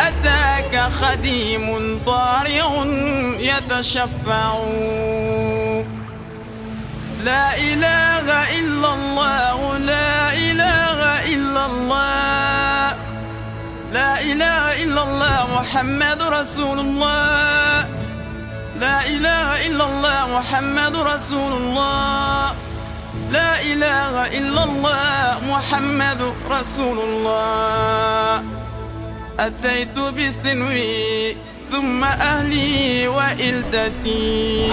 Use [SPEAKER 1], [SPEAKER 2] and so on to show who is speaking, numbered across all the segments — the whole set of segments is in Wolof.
[SPEAKER 1] أتاك خديم طارع يتشفع لا إله إلا الله لا إله إلا الله لا إله إلا الله محمد رسول الله لا إله إلا الله محمد رسول الله لا إله إلا الله محمد رسول الله أتيت بسنوي ثم أهلي وإلدتي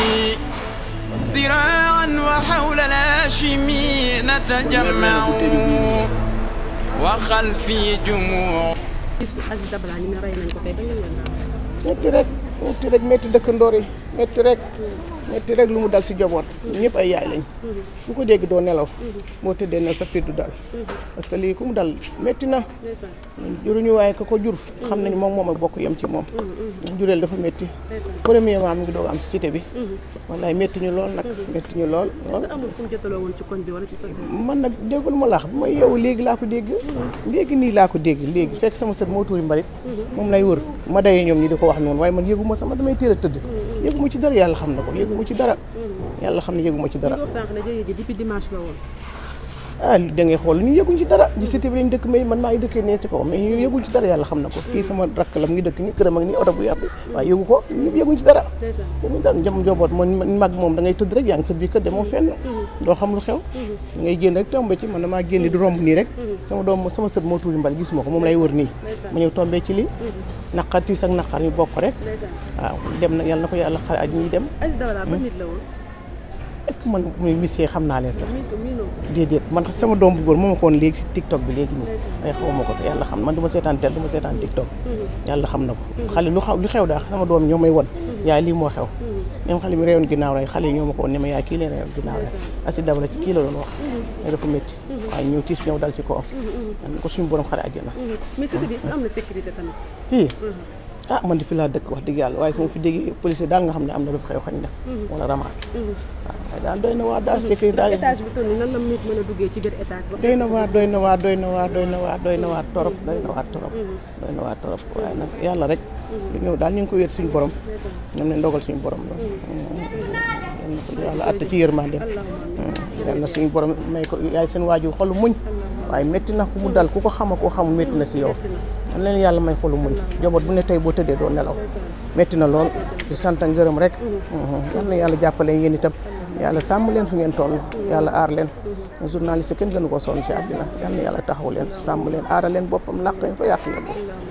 [SPEAKER 1] ذراعا وحول الهاشمي نتجمع وخلفي جموع
[SPEAKER 2] métti rek métti rek métti dëkkandoor yi métti rek metti rek lu mu dal si joboot ñëpp ay yaay lañ ku ko dégg doo nelaw moo tëddee na sa fit du dal parce que léegi ku mu dal metti na juruñu waaye ka ko jur xam nañ moom moom ak bokk yem ci moom jureel dafa metti premièrement mu ngi am si cité bi wallaay metti ñu lool nag metti ñu lool man nag déggul ma laax bi may yow léegi laa ko dégg léegi nii laa ko dégg léegi fekk sama sët moo tuuri mbalit moom lay wër ma dayee ñoom ñi di ko wax noonu waaye man yëguma sama damay teel a tëdd yëguma ci dara yàlla xam na ko yëguma ci dara.
[SPEAKER 3] Mm.
[SPEAKER 2] yàlla xam ne yëguma ci dara. li nga wax
[SPEAKER 3] sànq ne jëye ji depuis dimanche la woon.
[SPEAKER 2] ah da ngay xool ñu yëguñ ci dara di cité bi lañ dëkk mais man maa ngi dëkkee nee ci ko mais ñu yëguñ ci dara yàlla xam na ko kii sama rakk la mu ngi dëkk ni këram ak ni oto bu yàgg waaye yëgu ko ñëpp yëguñ ci yaa ngi sa biir kër demoo fenn génn rek tombé ci man damaa génn di romb nii rek sama doom sama sët moo tuuri mbal gis ma ko moom lay wër nii ma ñëw tombé ci lii naqar tiis ak naqar ñu bokk rek waaw dem nag yàlla na ko yàlla xar aj ñuy dem est-ce que man muy monsieur xam naa leen sax déedéet man sama doom bu góor ma ko woon léegi si TikTok bi léegi nii ay xaw ma man du ma seetaan tel du ma seetaan TikTok yàlla xam na ko xale lu xaw lu xew daal sama doom ñoo may won yaay lii moo xew même xale mi reyoon ginnaaw rek xale ma ko woon ne ma yaay kii leen reyoon ginnaaw rek asi dabala ci kii la doon wax ne dafa métti waaye ñëw ah, man di fi laa dëkk wax dëgg yàlla waaye fu ma fi déggee police daal nga xam ne am na lu fi xew xañ na wala ramasse
[SPEAKER 3] mm-hmm.
[SPEAKER 2] daal doy na waar daal sécurité daal étage bi
[SPEAKER 3] toll nii nan la a duggee ci biir étage doy na
[SPEAKER 2] waar doy na waar doy na waar doy na waar doy na waar torop doy na waar torop. Mhm. doy na waar torop waaye yàlla rek. lu ñëw daal ñu ngi ko wéet suñu borom. ñoom mhm. ne ndogal suñu borom mhm. la. yal na ko yàlla suñu borom may ko yaay seen waajur xolu muñ. waaye métti na ku mu dal ku ko xama koo xamul métti na si yow. am leen yàlla may xolu muñ njaboot bu ne tey boo tëddee doo nelaw metti na lool di sant ngërëm rek. yal na yàlla jàppale yéen itam yalla sàmm leen fi ngeen toll yàlla aar leen journaliste kenn gënu ko sonn ci àddina yal na yàlla taxaw leen sàmm leen aara leen boppam làq leen fa yàq leen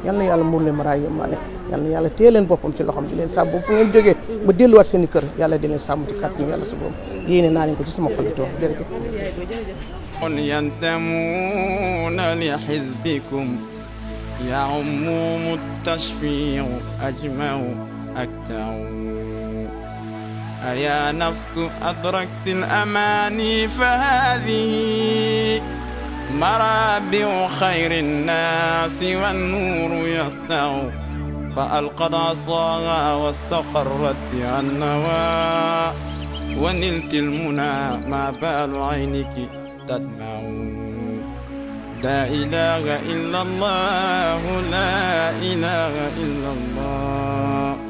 [SPEAKER 2] yal na yàlla muur leen maraay yëmmaane yal na yàlla téye leen boppam ci loxoom di leen sàmm bu fu ngeen jógee ba delluwaat seen i kër yàlla di leen sàmm ci kàttan yàlla su boobu yéene naa leen ko ci sama xolitoo jërëjëf
[SPEAKER 1] قل ينتمون لحزبكم يعم التشفيع أجمع أكتر أيا نفس أدركت الأماني فهذه مرابع خير الناس والنور يسطع فألقت عصاها واستقرت بها النوى ونلت المنى ما بال عينك تدمع لا إله إلا الله لا إله إلا الله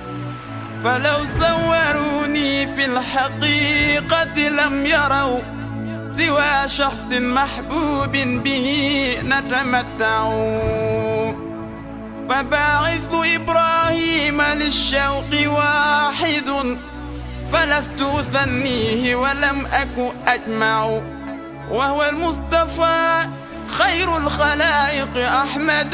[SPEAKER 1] فلو صوروني في الحقيقة لم يروا سوى شخص محبوب به نتمتع فباعث إبراهيم للشوق واحد فلست أثنيه ولم أك أجمع وهو المصطفى خير الخلائق أحمد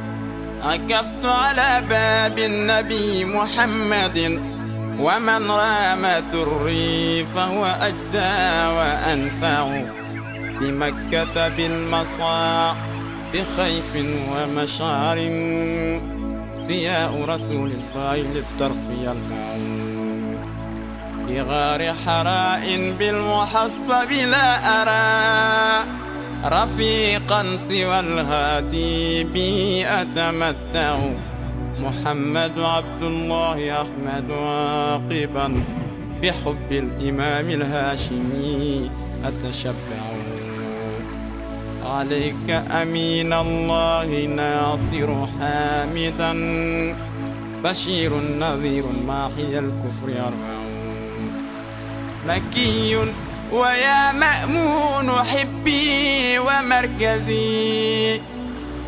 [SPEAKER 1] عكفت على باب النبي محمد ومن رام دري فهو أجدى وأنفع بمكة بالمصاع بخيف ومشعر ضياء رسول الله للطرف يلمع بغار حراء بالمحصب لا أرى رفيقا سوى الهادي بي أتمتع محمد عبد الله أحمد عاقبا بحب الإمام الهاشمي أتشبع عليك أمين الله ناصر حامدا بشير نذير ماحي الكفر يرعون مكي ويا مأمون حبي ومركزي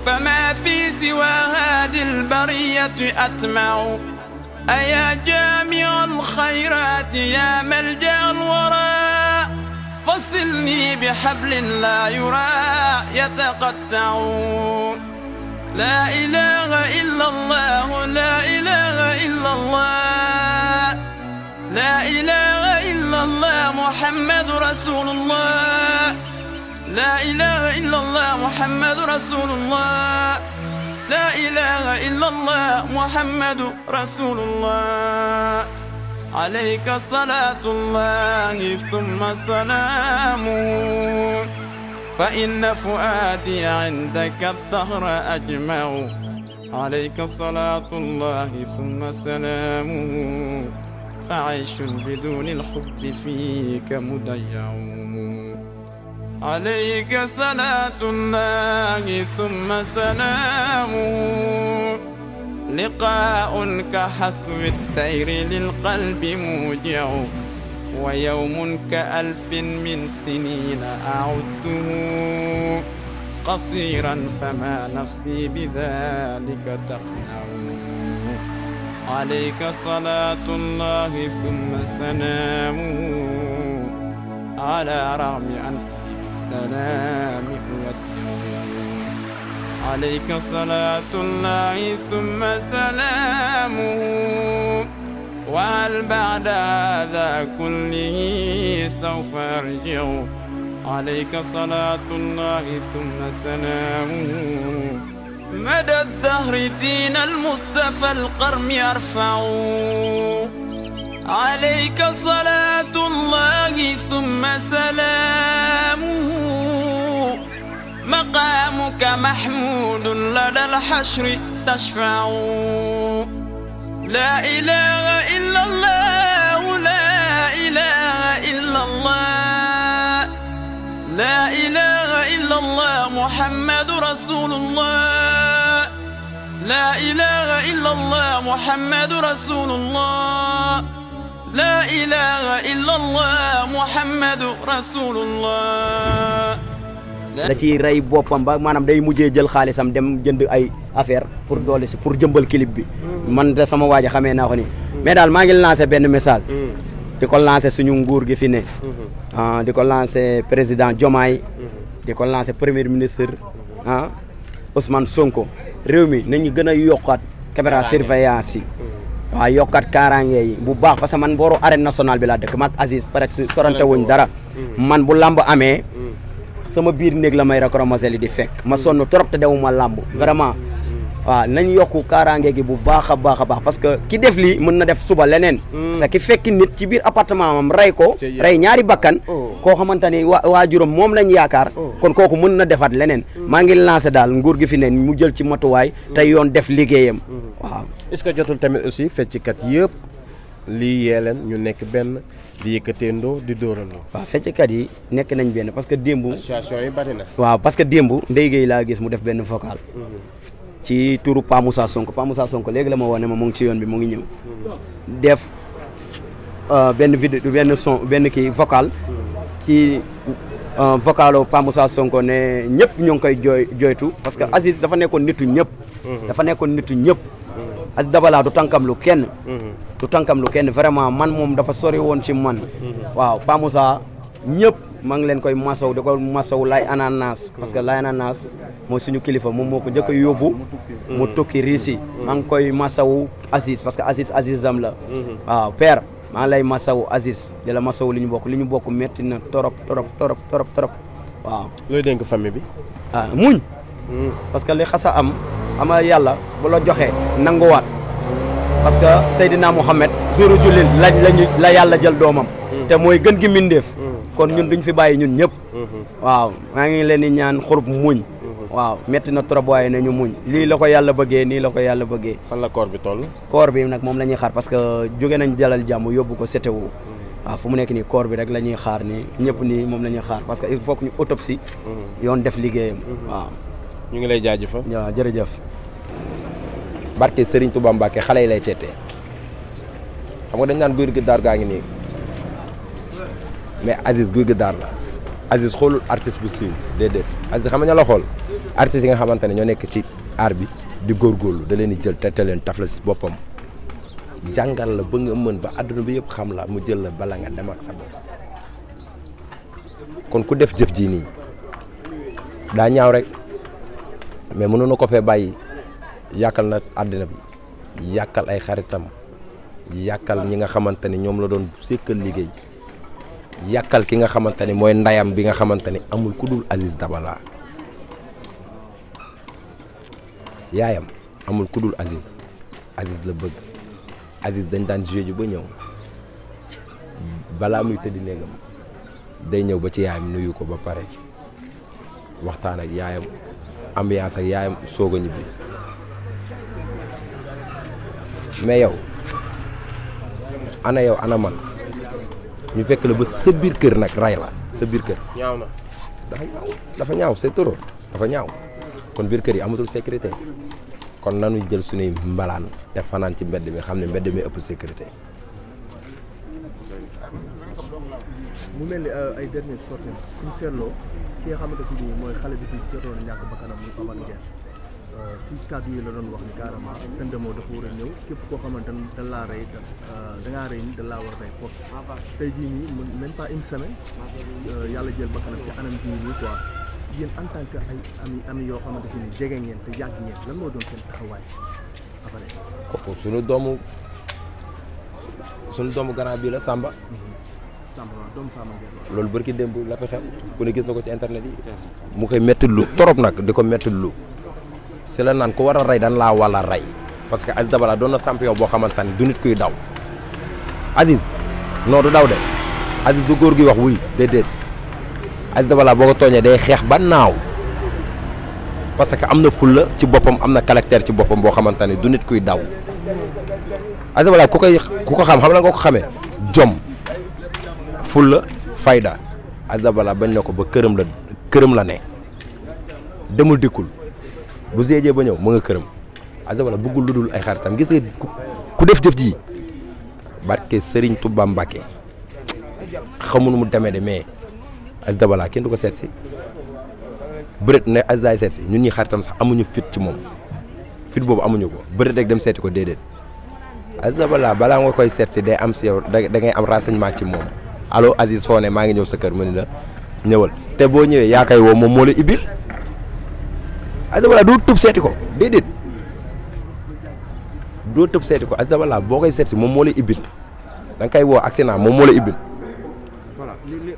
[SPEAKER 1] فما في سوى هذه البرية أطمع أيا جامع الخيرات يا ملجأ الورى فصلني بحبل لا يرى يتقطع لا إله إلا الله لا الله محمد رسول الله لا إله إلا الله محمد رسول الله لا إله إلا الله محمد رسول الله عليك صلاة الله ثم سلامه فإن فؤادي عندك الدهر أجمع عليك صلاة الله ثم سلامه فعيش بدون الحب فيك مضيع عليك صلاة الله ثم سلامه لقاء كحسب الدير للقلب موجع ويوم كألف من سنين أعده قصيرا فما نفسي بذلك تقنع عليك صلاة الله ثم سلامه على رغم أنفه بالسلام والتوبة عليك صلاة الله ثم سلامه وهل بعد هذا كله سوف أرجع عليك صلاة الله ثم سلامه مدى الدهر دين المصطفى القرم يرفع عليك صلاة الله ثم سلامه مقامك محمود لدى الحشر تشفع لا إله إلا الله لا إله إلا الله محمد رسول الله لا إله إلا الله محمد رسول الله لا إله إلا الله محمد رسول الله
[SPEAKER 4] da ciy rey boppam ba maanaam day mujjee jël xaalisam dem jënd ay affaire pour doole si pour jëmbal clip bi mm. man de sama waaja xamee naa ko ni mais daal maa ngi lancé benn message mm. di ko lancé suñu nguur gi fi ne.
[SPEAKER 5] Mhm.
[SPEAKER 4] Ah, di ko lancé président jomaay
[SPEAKER 5] mhm.
[SPEAKER 4] di ko lancé premier ministre ah Ousmane Sonko réew mi nañu gën a yokkaat caméra surveillance yi.
[SPEAKER 5] Mhm.
[SPEAKER 4] waaw yokkaat kaaraange yi bu baax parce man booru arène nationale bi laa dëkk maag Aziz presque sorante wuñ dara. man bu làmb amee. sama biir néeg la may racromasé li di fekk. ma sonn trop te dewuma làmb vraiment. waaw nañ yokk kaaraange gi bu baax a baax a baax parce que ki def lii mën na def suba leneen. Mm. parce ki fekk nit ci biir appartement am rey ko. rey ñaari bakkan. Oh. koo xamante ni waa waajuram moom lañu yaakaar. Oh. kon kooku mën na defaat leneen. Mm. maa ngi lancé daal nguur gi fi neen mu jël ci matuwaay. Mm. te yoon def liggéeyam. waaw est-ce que jotul tamit aussi fecckat yëpp lii yee leen ñu nekk benn di yëkkateendoo di dóorandoo. waaw fecckat yi nekk nañ benn parce que démb.
[SPEAKER 6] association yi bari na.
[SPEAKER 4] waaw parce que démb. Ndeye laa gis mu def benn vocal. Mm-hmm. ci turu Pa Moussa Sonko Pa Moussa Sonko léegi la ma woo ne ma mu ci yoon bi mu ngi ñëw def euh, benn vidéo benn son benn kii vocal ci euh, vocalu Pa Moussa Sonko ne ñëpp ñoo ngi koy jooy jooytu parce que Aziz dafa nekkoon nitu ñëpp
[SPEAKER 5] mhm. dafa nekkoon
[SPEAKER 4] nitu ñëpp Aziz Dabala du tànkam lu kenn mhm. du tànkam lu kenn vraiment man moom dafa sori woon ci man mhm. waaw Pa Moussa maa ngi leen koy masaw di ko masaw Laye Ananas parce que Laye Ananas mooy suñu kilifa moom moo ko njëkk a yóbbu mu tukki riisi maa ngi koy masaw Aziz parce que Aziz Aziz la waaw père maa lay masaw Aziz di la masaw li ñu bokk li ñu bokk métti na torop torop torop torop waaw looy dénk famille bi ah muñ parce que li xasa am ama yàlla bu la joxee nanguwaat parce que Seydina Mouhamed jouru jullit la yàlla jël doomam mm. te mooy gën gi mbindeef kon ñun duñ fi bàyyi ñun ñëpp mhm. waaw maa ngi leen ni ñaan xurub muñ mhm. waaw metti na trop waaye nañu muñ lii la ko yàlla bëggee nii la ko yàlla bëggee fan la koor bi toll koor bi nag moom la ñuy xaar parce que jóge nañ jalal jàmm yóbbu ko setewu mhm. waaw fu mu nekk nii koor bi rek la ñuy xaar ni ñëpp nii moom la xaar parce que il faut que ñu autopsie yoon def liggéeyam
[SPEAKER 7] waaw ñu ngi lay jaajëfal waaw jërëjëf barke sëriñ Touba Mbacke xale yi lay teetee xam nga dañ naan góor gi daar gaa ngi nii mais Aziz guy gi daar la Aziz xoolul artiste bu siiw déedéet Aziz xam nga la xool artistes yi nga xamante ne ñoo nekk ci art bi di góorgóorlu da leen di jël te leen taf la si boppam jàngal la ba nga mën ba àdduna bi yëpp xam la mu jël la bala nga dem ak sa bopp kon ku def jëf ji nii daa ñaaw rek mais mënu na ko fee bàyyi yàkkal nag àddina bi yàkkal ay xaritam yàkkal ñi nga xamante ni ñoom la doon sekkal liggéey yàkkal ki nga xamante ni mooy ndayam bi nga xamante ni amul ku dul Aziz Dabala yaayam amul ku dul Aziz la bëgg Aziz dañ daan jeu ju ba ñëw balaa muy tëdd néegam day ñëw ba ci yaayam nuyu ko ba pare waxtaan ak yaayam ambiance ak yaayam soog a ñibbi mais yow ana yow ana man. ñu fekk la ba sa biir kër nag ray la sa biir kër.
[SPEAKER 6] ñaaw na dafa ñaaw
[SPEAKER 7] dafa ñaaw dafa ñaaw kon biir kër yi amatul sécurité kon nanu jël suñuy mbalaan te fanaan ci mbedd mi xam ne mbedd mi ëpp sécurité.
[SPEAKER 8] mu mel ni euh, ay dernier sortie ñu seetloo ki nga xamante ne mooy xale bi fi jotoon ñàkk si kàddu yi la doon wax ni carrément pendemoo dafa war a ñëw képp koo xamante ni da laa rey euh, da ngaa rey ni da laa war a rey foofu tey jii nii même pas semaine euh, yàlla jël ba kanam si anam jii nii quoi en tant ay ami yoo xamante si ni jege ngeen te yàgg ngeen lan moo doon seen taxawaay
[SPEAKER 7] après kooku doomu suñu doomu ganaar bii la sàmba mm-hmm. Samba waaw doomu loolu barki démb la fi xew ku ne gis na ko ci internet yi mu koy métti lu torop nag di ko métti lu si la naan ku war a rey dan laa wala rey parce que Aziz Dabala doon na champion boo xamante ne du nit kuy daw Aziz non góor gi wax wuy déedéet boo ko tooñee day xeex ba naaw parce que am na fulla ci boppam am na caractère ci boppam boo xamante ne du nit kuy daw Aziz Dabala ku koy ku ko xam xam na nga ko xamee jom fulla fayda Aziz Dabala bañ na ko ba këram la këram la ne demul dikkul bu géejee ba ñëw mu nga këram Azawala bëggul lu dul ay xaritam gis nga ku def jëf ji barke Serigne Touba Mbacke xamunu mu demee de mais Aziz Dabala kenn du ko seet si bëreet ne Aziz daay seet si ñun ñi xaritam sax amuñu fit ci moom fit boobu amuñu ko bëreet rek dem seeti ko déedéet Aziz Dabala balaa nga koy seet si day am si yow da ngay am maa ci moom allo Aziz foo maa ngi ñëw sa kër ma ni la ñëwal te boo ñëwee yaa koy woo moom moo la ibbil Azawala doo tëb seeti ko déedéet doo tëb seeti ko Azawala boo koy seet si moom moo lay ibbil da nga koy woo accident moom moo lay ibbil.
[SPEAKER 9] voilà li li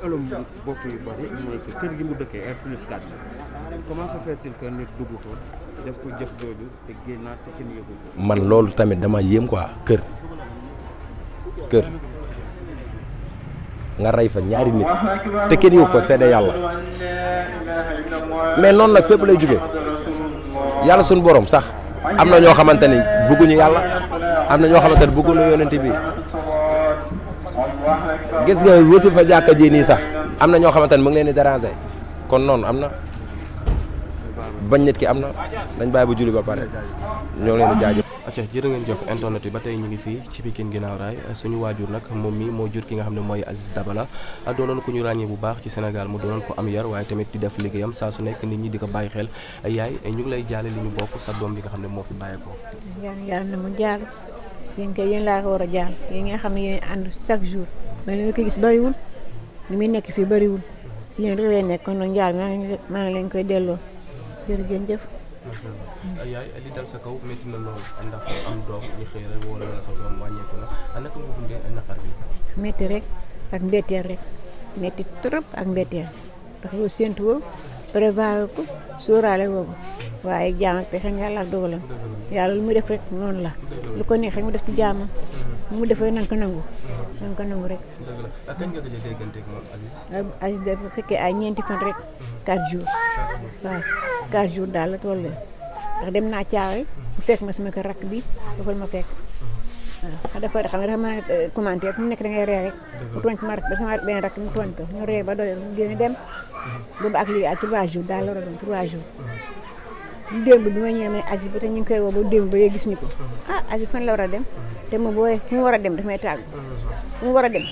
[SPEAKER 9] dëkkee R plus 4 la
[SPEAKER 4] comment ko def ko ko. man loolu
[SPEAKER 7] tamit dama yéem quoi kër kër. nga rey fa ñaari nit
[SPEAKER 5] te kenn yëg ko seede yàlla
[SPEAKER 7] mais noonu nag fépp lay jóge yàlla suñu borom sax am na ñoo xamante ni bëgguñu yàlla am na ñoo xamante ni bëgguñu yonent bi gis nga wësi fa jàkka ji nii sax am na ñoo xamante ni mu ngi leen di déranger kon noonu am na. bañ nit ki am na dañ bàyyi ba julli ba pare ñoo leen di jaajëf. acca jërë ngeen
[SPEAKER 8] jëf internet yi ba tey ñu ngi fii ci Pikine ginnaaw raay suñu waajur nag moom mi moo jur ki nga xam ne mooy Aziz Dabala doonoon ko ñu ràññee bu baax ci Sénégal mu doonoon ko am yar waaye tamit di def liggéeyam saa su nekk nit ñi di ko bàyyi xel yaay ñu ngi lay jaale li ñu bokk sa doom bi nga xam ne moo fi bàyyi ko
[SPEAKER 10] yàlla na mu jaal yéen kay yéen laa ko war a jaal yéen nga xam ne yéen ànd chaque jour mais li nga ko gis bëriwul li muy nekk fii koy delloo jërëjëf jëf.
[SPEAKER 8] yaay li dal sa kaw
[SPEAKER 10] rek ak mbetteel rek métti trop ak mbetteel ndax loo séntu woo prévoir ko sóoraale woo ko waaye jaam ak pexe yàlla ak yàlla lu mu def rek noonu la lu ko neexee mu def ci jaamam mm-hmm. mu defee nan ko nangu. Mm-hmm. da nga ko nangu rek. Ah, ay ñeenti fan rek. 4 mhm. jours. waaw 4 jours daal la toll ndax dem naa caawe. bu fekk ma si ma kër rakk bi dafa ma fekk. Mhm. waaw dafa de nga dafa mën a euh, commenté nekk da ngay ree rek. mu tooñ sama rakk sama benn rakk mu tooñ ko ñu ree ba doyoo mu génn dem. Mhm. boobu ak lii à 3 jour daal la war a démb bi ma ñëwee may Aziz ba te ñu ngi koy woo ba démb ba léegi gisuñu ko ah Aziz fan la war a dem te ma boo fu mu war a dem daf may tàggu war a dem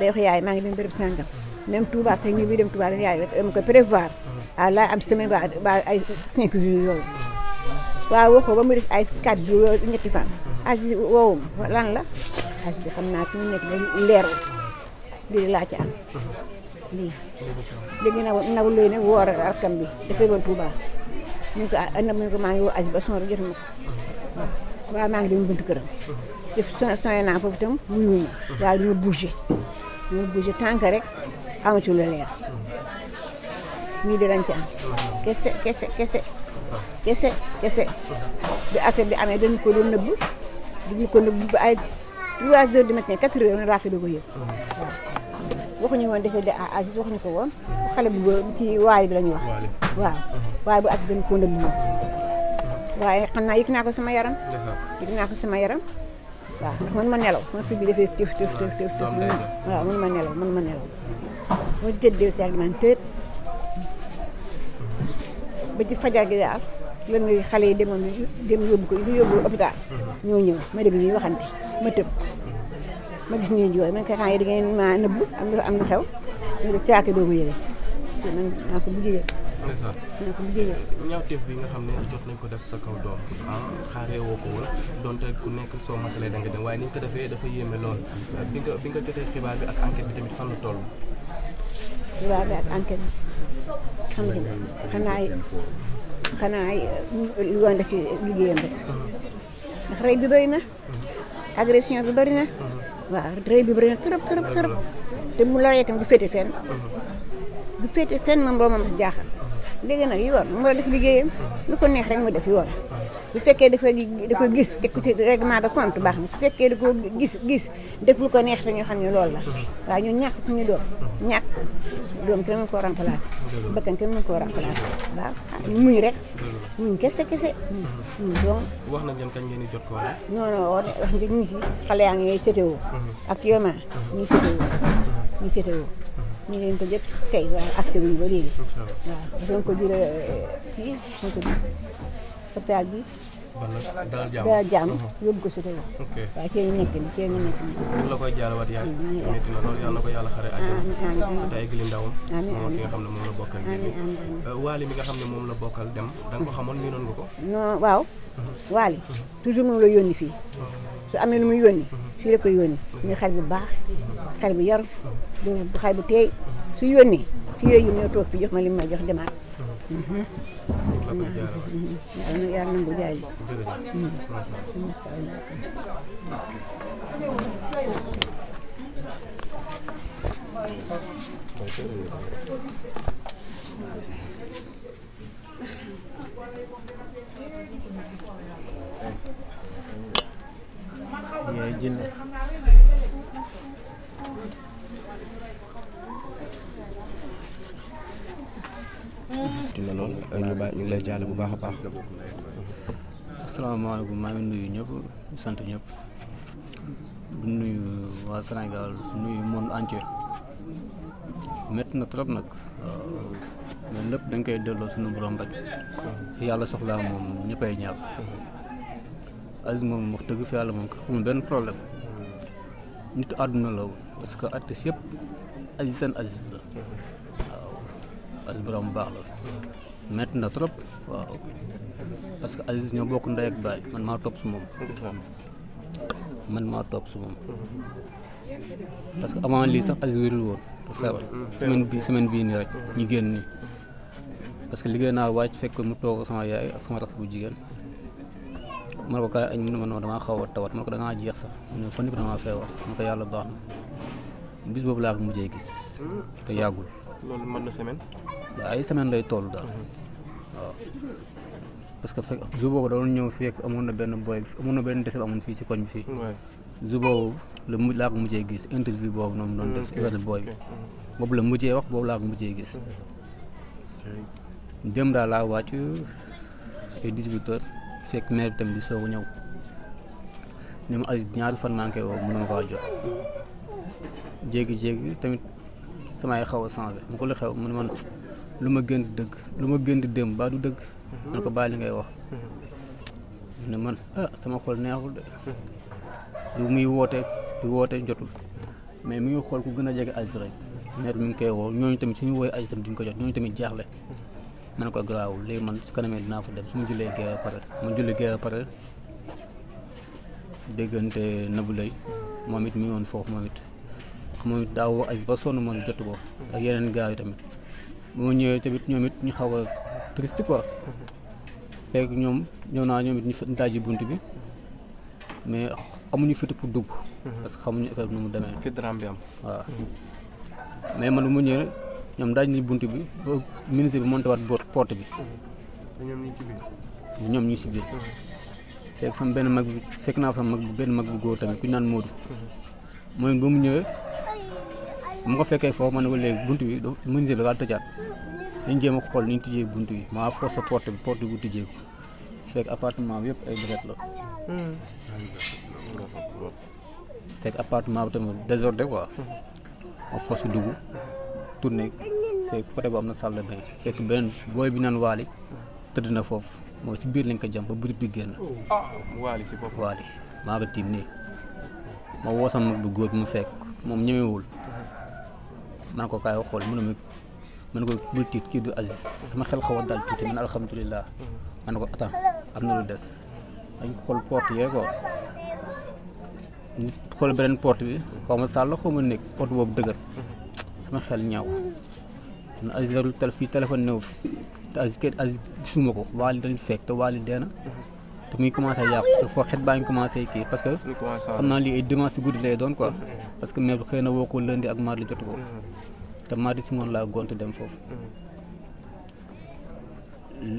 [SPEAKER 10] day yaay maa ngi dem béréb sàngam même Touba sax ñu bi dem Touba yaay dama ko prévoir ah laa am semaine ba ay cinq jours yooyu waaw waxoo ba mu def ñetti fan Aziz woowu lan la Aziz xam naa fi mu nekk da laa ci am lii léegi naw naw lay ñu ko ah na mu ko maa ngi woo Aziz ba sonn jotuma ko waaw maa ngi dem buntu këram. def sonné naa foofu itam wuyuñu waaye ñu bougé ñu bougé rek amatu la leer ñu di lañ ci am kese kese kese kese kese bi affaire bi amee dañu ko doon ko nëbb ba ay trois heures du matin quatre heures doo ko yëg waxuñu woon décédé à Aziz waxuñu ko woon xale bu góor ci waali bi la ñu wax waaw uh-huh. waaye bu Aziz dañ koo ndëbb moom waaye xam naa yëg naa ko sama yaram yëg naa ko sama yaram waaw ndax man ma nelaw mën ma nelaw man ma nelaw moo di tëdd deew seeg man tëdd uh-huh. ba ci fajar gi daal lan nga xale yi demoon dem yóbbu ko yóbbu hôpital uh-huh. ñoo ñëw ma dem ñuy waxante ma tëb ma gis ñuy jooy man kay xanaa da ngeen maa nëbb am lu am lu xew ñu def caake doo ko yëgee man naa ko mujjee yëg. naa ko mujjee yëg.
[SPEAKER 8] ñaawteef bi nga xam ne jot nañ ko def sa kaw doom ah xaaree woo ko woon ku nekk soo matalee da dem waaye ni ko defee dafa yéeme lool bi nga bi nga jotee xibaar bi ak enquête bi tamit fan
[SPEAKER 10] xam nga xanaa xanaa lu woon def ci liggéeyam rek uh-huh. ndax rey bi bëri na uh-huh. agression bi bëri na. Uh-huh. waaw rëy bi bëri na trop trop trop te mu loree itam du féete fenn du féete fenn man boo ma mas jaaxal léegi nag yoon mu war a def liggéeyam lu ko neex rek mu def yoon bu fekkee dafa koy da gis te ku ci règlement baax na bu fekkee da ko gis gis def lu ko neex te ñu xam ne loolu la waaye ñun ñàkk suñu doom ñàkk doom kenn mën koo remplacer bakkan kenn ah, muñ ko non non wax nga ñu si xale yaa ngi sétéwoo ak yoma ñu ko jot tey ba léegi waaw doon eh, ko jël fii doon ko jël hôpital bi
[SPEAKER 5] dalal jàmm uh-huh.
[SPEAKER 10] yóbbu ko si kawam. waaye cee nga nekk nii cee nga nekk nii. ñu
[SPEAKER 8] ngi ko yàlla xare àjjana. te eggali ndawam. moom ki nga xam ne moom la bokkal. Uh, waali mi dem da ko xamoon ñu noon ko.
[SPEAKER 10] non waaw. Uh-huh. waali uh-huh. toujours moom la yónni fii. su amee lu muy yónni. fii la koy yónni muy xale bu baax xale bu yar xale bu teey su yónni fii la yónnee toog fi jox ma li ma jox demaat
[SPEAKER 5] yàlla
[SPEAKER 10] na yàlla nangu jaay bi.
[SPEAKER 8] yaay jënd. metti na lool ñu ñu
[SPEAKER 11] ngi lay jaale bu baax a baax. asalaamaaleykum maa ngi nuyu ñëpp sant ñëpp du nuyu waa Sénégal nuyu monde entier métti na trop nag mais lépp dañ koy delloo suñu borom rek yàlla soxlaa moom ñëppay ñaaw Aziz moom wax dëgg fi yàlla moom amul benn problème nit àdduna la parce que artiste yëpp Aziz seen Aziz la waaw Aziz borom baax la metti na trop waaw parce que Aziz ñoo bokk ndey ak baay man maa topp su moom man maa topp su que avant lii sax Aziz wérul woon te feebar semaine bi semaine bii nii rek ñu génn nii parce que liggéey naa wàcc fekk mu toog sama yaay ak sama rakk bu jigéen ma ne ko kaay añ mu ne ma non damaa xaw a tawat ma ko dangaa jeex sax mu ne fan yëpp damaa feebar ma ko yàlla baax na bis boobu laa ko mujjee gis te yàggul
[SPEAKER 8] loolu mën na semaine ay
[SPEAKER 11] semaine lay toll daal mhm. waaw parce que fekk jour boobu doon ñëw fekk amoon na benn boy amoon na benn dese amoon fii si koñ bi fii. jour boobu la mu laa ko mujjee gis interview boobu noonu doon def mm, wér booy bi mm. boobu la mujjee wax boobu laa ko mujjee gis. Mm. dem daal laa wàcc te fekk maire bi tamit di soog ñëw ni ma Aziz ñaari fan maa ngi koy woo mën na jot jéegi jéegi tamit samay xaw a changé mu ko la xew mu ne man. lu ma gën di dëgg lu ma gën di dem ba dëgg. man mhm. ko bàyyi li ngay wax. Mhm. ne man ah sama xol neexul de. lu mhm. muy wootee lu woote jotul mais mi ngi xool ku gën a jege aji rek neet mi ngi koy woo ñooñu tamit suñu woowee aji duñ ko jot ñooñu tamit jaaxle. man ko garaawul léegi man su kanamee dinaa fa dem su ma jullee gee pare ma julli gee pare déggante Nabou Leye moom it mi ngi woon foofu moom it moom it daa woo aji ba sonn man jotu ko ak yeneen gars yi tamit. bu ma ñëwee tamit ñoom it ñu xaw a triste quoi fekk ñoom ñëw naa ñoom it ñu dajji bunt bi mais amuñu fit pour dugg. parce que xamuñu affaire bi mu demee. fi drame bi am waaw. mais man bu mu ñëwee ñoom daaj nañu bunt bi ba ministre bi monté waat porte bi.
[SPEAKER 5] ñoom ñu ci biir.
[SPEAKER 11] ñoom ñu ci biir. fekk fan benn mag bi fekk naa fan mag bu benn mag bu góor tamit ku ñu naan Modou. mooy ba mu ñëwee. mu ko fekkee foofu man ne ko léegi bunt bi menuisier bi daal tëjaat dañ jéem a xool ni ñu tijjee bunt bi maa force porte bi porte bu tijjee ko fekk appartement bi yëpp ay deret la. fekk appartement bi tamit désordre quoi. ma force dugg tourné fekk côté bu am na salle de bain fekk beneen booy bi naan waali tëdd na foofu mooy si biir lañ ko jam ba biir bi génn. waali si bopp waali maa ko tiim nii ma woo sama mag bu góor bi mu fekk moom ñemewul man ko kaay xool mu ne ma man ko bul tiit kii du Aziz sama xel xaw a dal tuuti man alhamdulilah man ko attends am na lu des dañ xool porte yee ko nit xool beneen porte bi xaw ma sàll xaw ma nekk porte boobu dëgër sama xel ñaw man Aziz darul tel fii téléphone néew te Aziz kër Aziz gisuma ko waali dañ fekk te waali dee na te muy commencé yàqu sa foo xet baa ngi commencé kii parce que xam naa lii ay dimanche si guddi lay doon quoi parce que mais xëy na woo ko lundi ak mardi jotu ko te mardi si ngoon laa gont dem foofu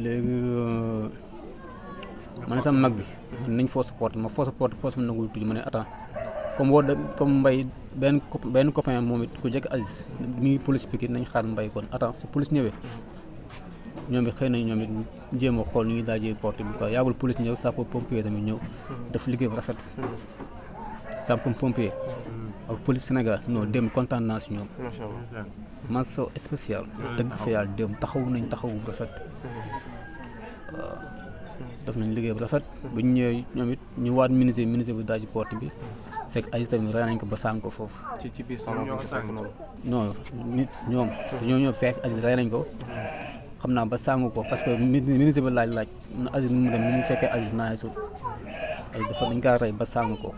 [SPEAKER 11] léegi euh, ma ne sama mag bi nañ foo supporté ma foo supporté foo sama nangul tuuti ma ne attends comme woo comme mbay benn benn copain moom it ku jëkk Aziz mi ngi police Pikine nañ xaar mbay kon attends su police ñëwee ñoom it xëy nañ ñoom it jéem a xool ñu ngi daajee porte bi ko yaagul police ñëw sappo pompier tamit ñëw hmm. def liggéey bu rafet hmm. sappo pompier hmm. ak police Sénégal non dem kontaan naa si ñoom maso spécial dëgg dem taxaw nañ taxaw rafet waaw nañ liggéey bu rafet bu ñu ñëwee ñoom it ñu waat ministre ministre bu daaji porte bi fekk Aziz tamit rey nañ ko ba sànq ko foofu. ci ci biir salon bi ci fekk noonu. non nit ñoom. fekk Aziz rey nañ ko. xam naa ba sàngu ko parce que ministre bi laaj laaj na Aziz nu mu dem ni mu fekkee Aziz naa yeesu Aziz dafa dañ rey ba sàngu ko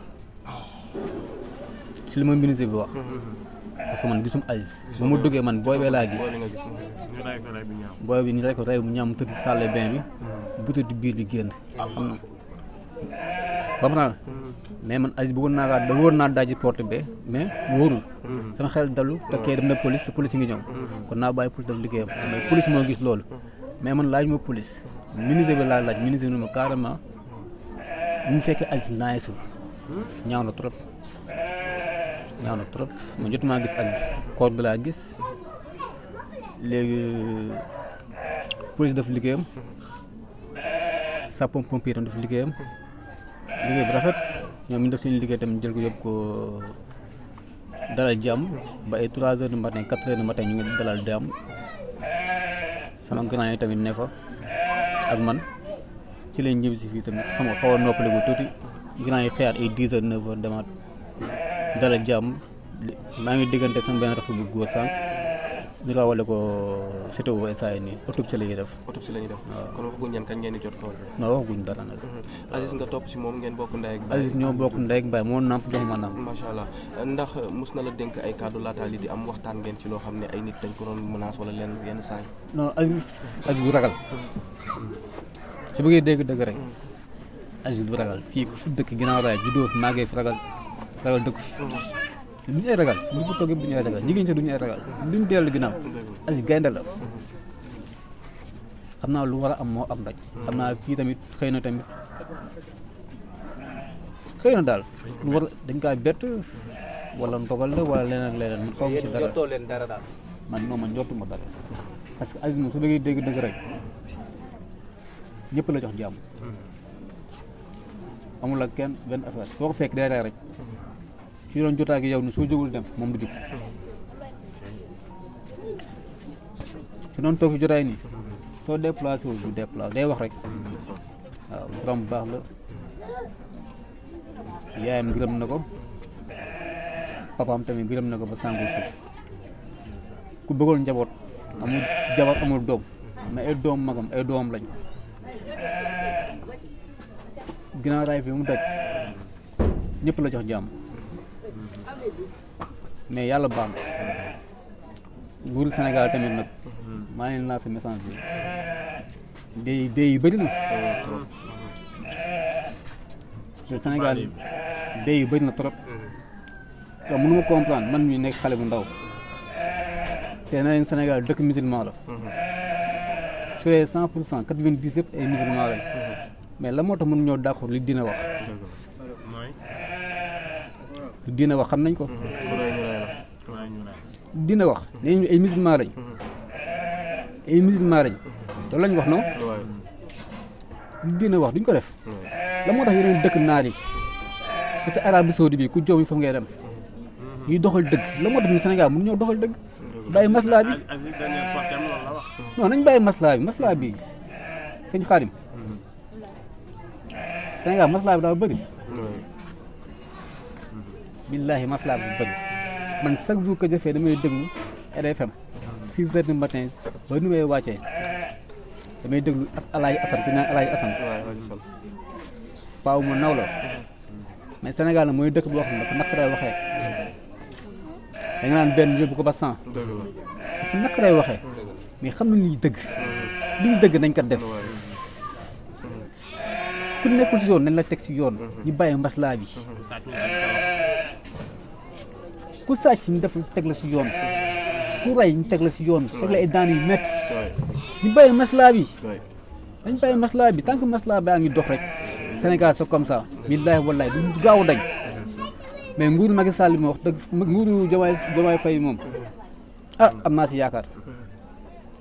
[SPEAKER 11] si li ma ministre bi wax. parce man gisum Aziz. ba ma duggee man booy bee laa gis. booy bi ñu rey ko rey bu ñaam mu tëdd salle bain bi. Mm-hmm. butéel biir bi génn. xam mais man Aziz bëggoon naa kaa wóor naa daji porte be mais wóorul mm-hmm. sama xel dalu te mm-hmm. kee dem na police te police yi ngi ñëw mm-hmm. kon naa bàyyi police daf liggéeyam mais police moo gis loolu mais man laaj ma police ministre bi laa laaj ministre bi ma carrément ñu fekkee Aziz naagisul hmm? ñaaw na trop ñaaw na trop man maa gis Aziz corps bi laa gis léegi police daf liggéeyam hmm. sapon pompier tam daf liggéeyam hmm. liggéey bu rafet ñoom ñu def suñu liggéey tamit jël ko yóbbu dalal jàmm ba ay 3 heures du matin 4 heures du ñu ngi dalal jàmm sama grand yi tamit ne fa ak man ci leen ñibbi si fii tamit xam nga xaw a noppale tuuti grand yi xëyaat ay 10 heures 9 heures dalal jàmm maa ngi diggante sama benn rakk bu góor sànq. ñu rawale ko CTO instant yii nii autopsie la ñuy def. autopsie la ñuy def
[SPEAKER 8] kon waxaguñ ñan kañ ngeen di jot tool bi. non waxaguñ dara nag. Mm-hmm. Aziz nga topp si moom ngeen bokk ndey ak baay. Aziz ñoo
[SPEAKER 11] bokk ndey ak baay moo namp jox ma namp.
[SPEAKER 8] macha allah ndax mus na la denk ay kàddu laataa li di am waxtaan ngeen ci loo xam ne ay nit dañ ko doon menace wala lenn yenn saa yi. non
[SPEAKER 11] Aziz Aziz bu ragal. su bëggee dégg dëgg rek. Mm-hmm. Aziz bu ragal fii ku fi dëkk ginnaaw raay juddoo fi màggee fi ragal ragal dëkk fi. Mm-hmm. du ñu ay ragal bu ñu du ñu ay du ñu ay ragal du ñu dellu ginnaaw Aziz gaynde la xam naa lu war a am moo am ndaj xam naa kii tamit xëy na tamit xëy na daal lu war dañ kaa bett wala ndogal la wala leneen ak leneen xaw ma si dara daal man non man jotu ma dara parce que Aziz moom su bëggee dégg dëgg rek ñëpp la jox jàmm hmm. amul ak kenn benn affaire foo ko fekk day rek su doon jotaay ak yow ni soo jógul dem moom du jóg su doon toog fi jotaay nii soo déplacé wul du déplacé day wax rek waaw borom bu baax la yaayam gërëm na ko papaam tamit gërëm na ko ba sàngul suuf ku bëggoon njaboot amul jabar amul doom mais ay doom magam ay doom lañ ginnaaw raay bi mu daj ñëpp la jox jàmm mais yàlla baax na nguuru Sénégal tamit nag maa ngi leen lancé message bi dee dee yu bëri na te Sénégal dee bëri na trop te mënu ma comprendre man mii nekk xale bu ndaw te naa leen Sénégal dëkk musulman la su dee cent pour cent quatre-vingt-dix yëpp ay musulman lañ mais la moo tax mënu ñoo d'accord li dina wax lu diina wax xam nañ ko mm-hmm. diina wax nee mm-hmm. ñu ay musulman lañ mm-hmm. ay musulman lañ loolu lañ wax non lu diina wax duñ ko def la moo tax yeneen dëkk naar yi parce que Arabie Saoudi bi ku joob yi foofu ngay dem ñuy doxal dëgg la moo tax ñu Sénégal ñoo doxal dëgg bàyyi maslaa bi non nañ bàyyi maslaa bi maslaa bi sëñ Xaadim Sénégal maslaa bi daal bëri billaahi matelas bu bëgg man chaque jour que jëfee damay déglu RFM 6 heures du matin ba nu may wàccee damay déglu Alaaji Assane di naan Alaaji Assane paaw mu naw la mais Sénégal mooy dëkk boo xam ne dafa naqaree waxee da naan benn yóbbu ko ba cent dafa naqaree waxee mais xam nañu dëgg li dëgg nañ ko def ku nekkul si yoon nañ la teg si yoon. Mhm. ñu bàyyi mbaslaa bi. Mhm. ku sàcc ñu def teg la si yoon. ku rey ñu teg la si yoon. Mhm. teg la ay daan yu métti. ñu bàyyi maslaa bi. dañ bàyyi maslaa bi tant que maslaa baa ngi dox rek. Sénégal c'est comme ça. billaahi wallaahi du gaaw dañ. mais nguuru Macky Sall wax dëgg nguuru Diomaye Diomaye Faye moom. ah am naa si yaakaar.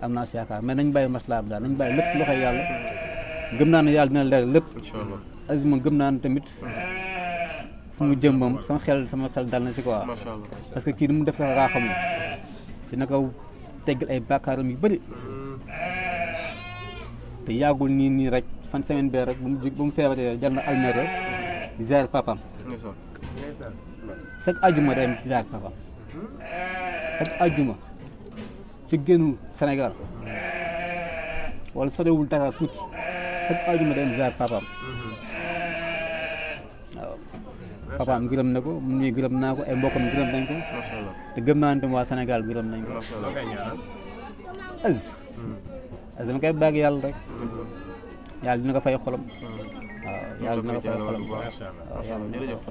[SPEAKER 11] am naa si yaakaar mais nañ bàyyi maslaa bi daal nañ bàyyi lépp loxo yàlla. gëm naa ne yàlla dina leeral lépp. incha allah Aziz moom gëm naa ne tamit fu mu jëm moom sama xel sama xel dal na si quoi. macha parce que kii ni mu def sax raaxam la dina ko teggal ay bàkkaaram yu bëri hmm. te yàggul nii nii rek fan semaine bee rek bu mu ba mu feebaree jël na almere di ziar papaam. ajuma day di ziar papaam hmm. ajuma ci génnu Sénégal. wala sorewul Dakar tuuti chaque aljuma dem ziar papaam waaw papaam gërëm na ko mu nuyu gërëm naa ko ay mbokkam gërëm nañ ko te gëm naa ne tam waa Sénégal gërëm nañ ko az az hmm. dama koy bàgg yàlla rek yàlla dina ko fay xolam hmm. yàlla na ko yàlla bu baax yàlla jërëjëf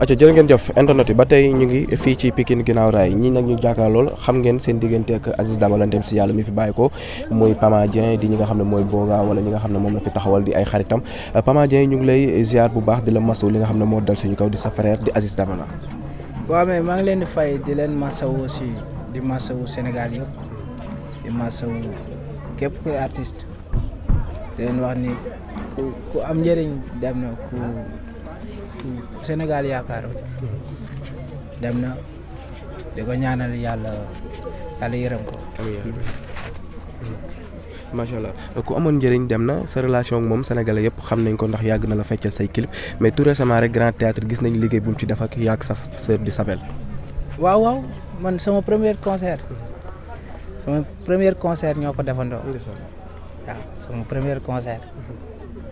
[SPEAKER 8] acca jërë ngeen jëf internet yi ba tey ñu ngi fii ci Pikine ginnaaw raay ñi nag ñu jàkkaar lool xam ngeen seen diggante ak Aziz Dabala dem si yàlla mi fi bàyyi ko muy Pama Dieng di ñi nga xam ne mooy Boga wala ñi nga xam ne moom la fi taxawal di ay xaritam Pama Dieng ñu ngi lay ziar bu baax di la masaw li nga xam ne moo dal suñu kaw di sa frère di Aziz Dabala
[SPEAKER 12] waaw mais maa ngi leen di fay di leen masawu aussi di masawu Sénégal yëpp di masawu képp kuy artiste te leen wax ni ku ku am njëriñ dem na ku ku Sénégal yaakaaroon dem na di ko ñaanal yàlla yàlla yërëm ko.
[SPEAKER 8] macha ku amoon njëriñ dem na sa relation moom sénégalais yëpp xam nañ ko ndax yàgg na la feccal say clip mais tout récemment rek grand théâtre gis nañ liggéey bu ci def ak yàgg sa sœur di Sabel.
[SPEAKER 12] waaw waaw man sama premier concert. Mm-hmm. sama premier concert ñoo ko defandoo. waaw ah, sama premier concert.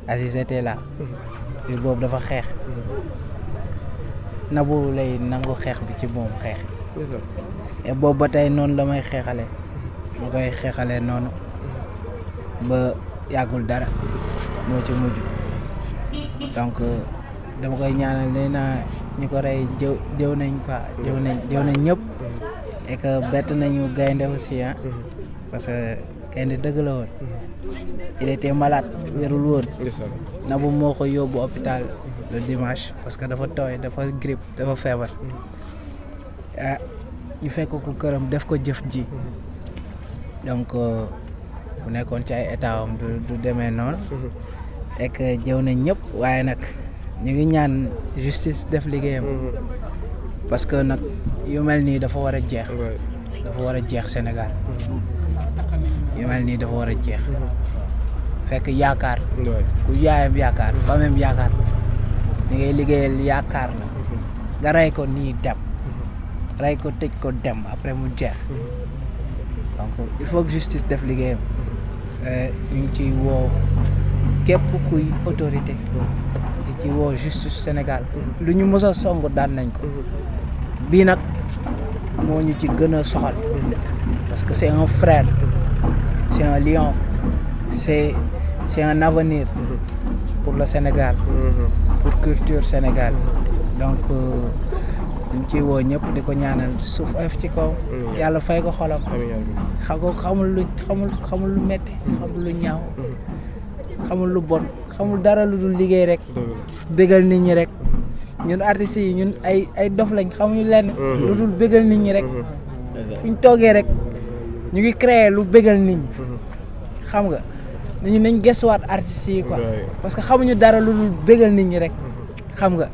[SPEAKER 12] Aziz était là. biir boobu dafa xeex. Nabou lay nangu xeex bi ci moom xeex. et boobu ba tey noonu la may xeexalee. ma koy xeexalee noonu. ba yàggul dara. moo ci mujj. donc euh, dama koy ñaanal nee naa ñi ko rey jëw jëw nañ ko jëw nañ jëw nañ ñëpp. et bett nañu gaynde aussi ah. parce que gaynde dëgg la woon. Mm-hmm. il malaat malade wérul wóor Nabou moo ko yóbbu hôpital le dimanche parce que dafa tooy dafa grippe dafa feebar ah ñu fekk ko këram def ko jëf ji donc bu euh, nekkoon ci ay état am du du demee noonu ek jëw nañ ñëpp waaye nag ñu ngi ñaan justice def liggéeyam parce que nag yu mel nii dafa war a jeex dafa war a jeex Sénégal yu mel nii dafa war a jeex
[SPEAKER 5] mhm.
[SPEAKER 12] fekk yaakaar ku yaayam yaakaar mhm. famem yaakaar ni ngay liggéeyal yaakaar la mhm. nga rey ko nii dem rey ko teg ko dem après mu jeex donc il faut justice def liggéeyam euh, ñu ci ciy woo képp kuy autorité di ci woo justice Sénégal lu ñu mës a song daan nañ ko bii nag moo ñu ci gën a soxal parce que c'est un frère c'est un lion c'est avenir pour le Sénégal mm-hmm. pour culture Sénégal donc euh, ñu ciy woo ñëpp di ko ñaanal suuf oyof ci kaw mm-hmm. yàlla fay ko xolam xam xamul lu xamul xamul lu metti mm-hmm. xamul lu ñaaw xamul lu bon xamul dara lu dul liggéey rek bégal nit ñi rek ñun artistes yi ñun ay ay dof lañ xamuñu lenn lu dul bégal nit ñi rek fuñ toogee rek ñu ngi créer lu bégal nit ñi xam nga nit ñi nañ gestuwaat artistes yi quoi. parce que xam xamuñu dara lu dul bégal nit ñi rek. Mm-hmm. xam nga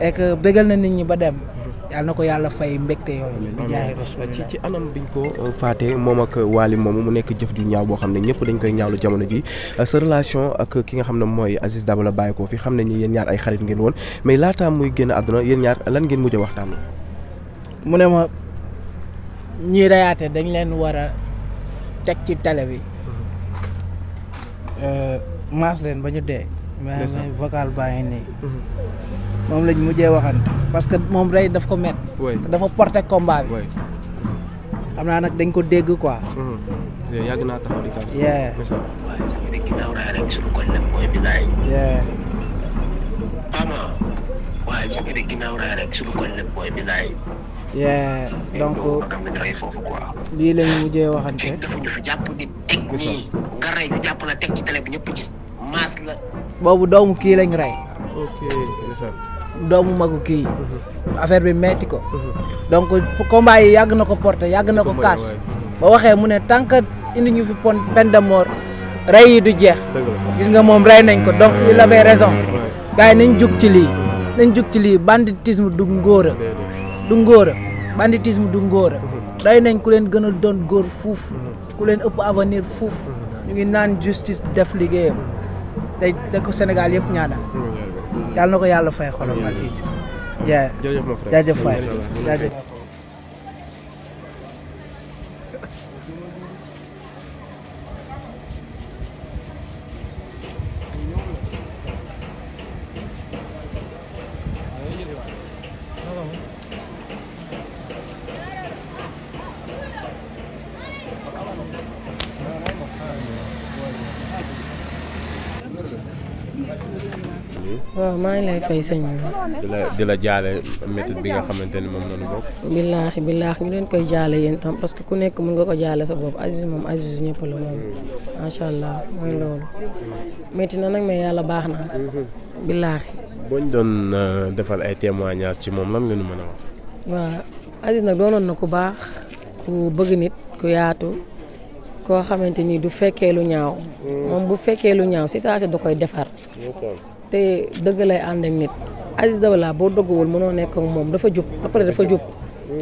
[SPEAKER 12] et que na nit ñi ba dem. Mm-hmm. yàlla na ko yàlla fay mbégte yooyu. di jaay ci
[SPEAKER 8] ci anam biñ ko euh, faatee moom ak Waly moomu mu nekk jëf ju ñaaw boo xam ne ñëpp dañ koy ñaawlu jamono ji euh, sa relation ak ki nga xam ne mooy Aziz Dabala bàyyi ko fi xam nañ ni yéen ñaar ay xarit ngeen woon mais laata muy génn àdduna yéen ñaar lan ngeen mujj a waxtaan. mu ne ma
[SPEAKER 12] ñiy rayaate dañ leen war a teg ci télé bi. Euh, maas leen ba ñu dee. mais vocal baa ngi nii. Mhm. moom lañ mujjee waxante parce que moom day daf ko met dafa porté combat xam naa nag dañ ko dégg quoi. Mhm.
[SPEAKER 8] yàgg naa taxaw di kàddu. waaye si rek ginnaaw raay rek suñu koñ nag mooy
[SPEAKER 9] waaye si rek ginnaaw raay rek suñu koñ
[SPEAKER 12] yeah donc lii la ñu mujjee waxante.
[SPEAKER 9] fi jàpp di teg nii
[SPEAKER 12] nga rey boobu doomu kii lañ rey. ok doomu magu kii. Mhm. affaire bi metti ko. Mhm. donc combat yi yàgg na ko porté yàgg na ko kaas. ba waxee mu ne tant que indi ñu fi pon peine de mort rey yi du jeex. gis nga moom rey nañ ko donc il avait raison. gars yi nañ jug ci lii nañ jug ci lii banditisme du ngóora du ngóora banditisme du ngóora rey mm-hmm. nañ ku leen gënal doon góor fuuf mm-hmm. ku leen ëpp avenir fuuf mm-hmm. ñu ngi naan justice def liggéeyam te da ko Sénégal yëpp ñaanal yàlla na ko yàlla fay xolam Aziz
[SPEAKER 9] jaajëf jaajëf fay
[SPEAKER 13] waaw maa ngi lay fay sañ bi.
[SPEAKER 6] di la di la jaale métit bi nga xamante ni moom la ñu bokk.
[SPEAKER 13] billaahi billaahi ñu leen koy jaale yéen tam parce que ku nekk mun nga ko jaale sa bopp Aziz moom Aziz ñëpp la moom macha allah mooy loolu. métti na nag mais yàlla baax na. billaahi.
[SPEAKER 6] boo ñu doon euh, defal ay témoignages ci moom lan nga ñu mën a
[SPEAKER 13] wax. na ku baax ku bëgg nit ku yaatu. koo xamante ni du fekkee lu ñaaw. Hmm. moom bu fekkee lu ñaaw si saa si da koy defar. te dëgg lay ànd ak nit Aziz Dabala boo doggawul mënoo nekk moom dafa jub après dafa jub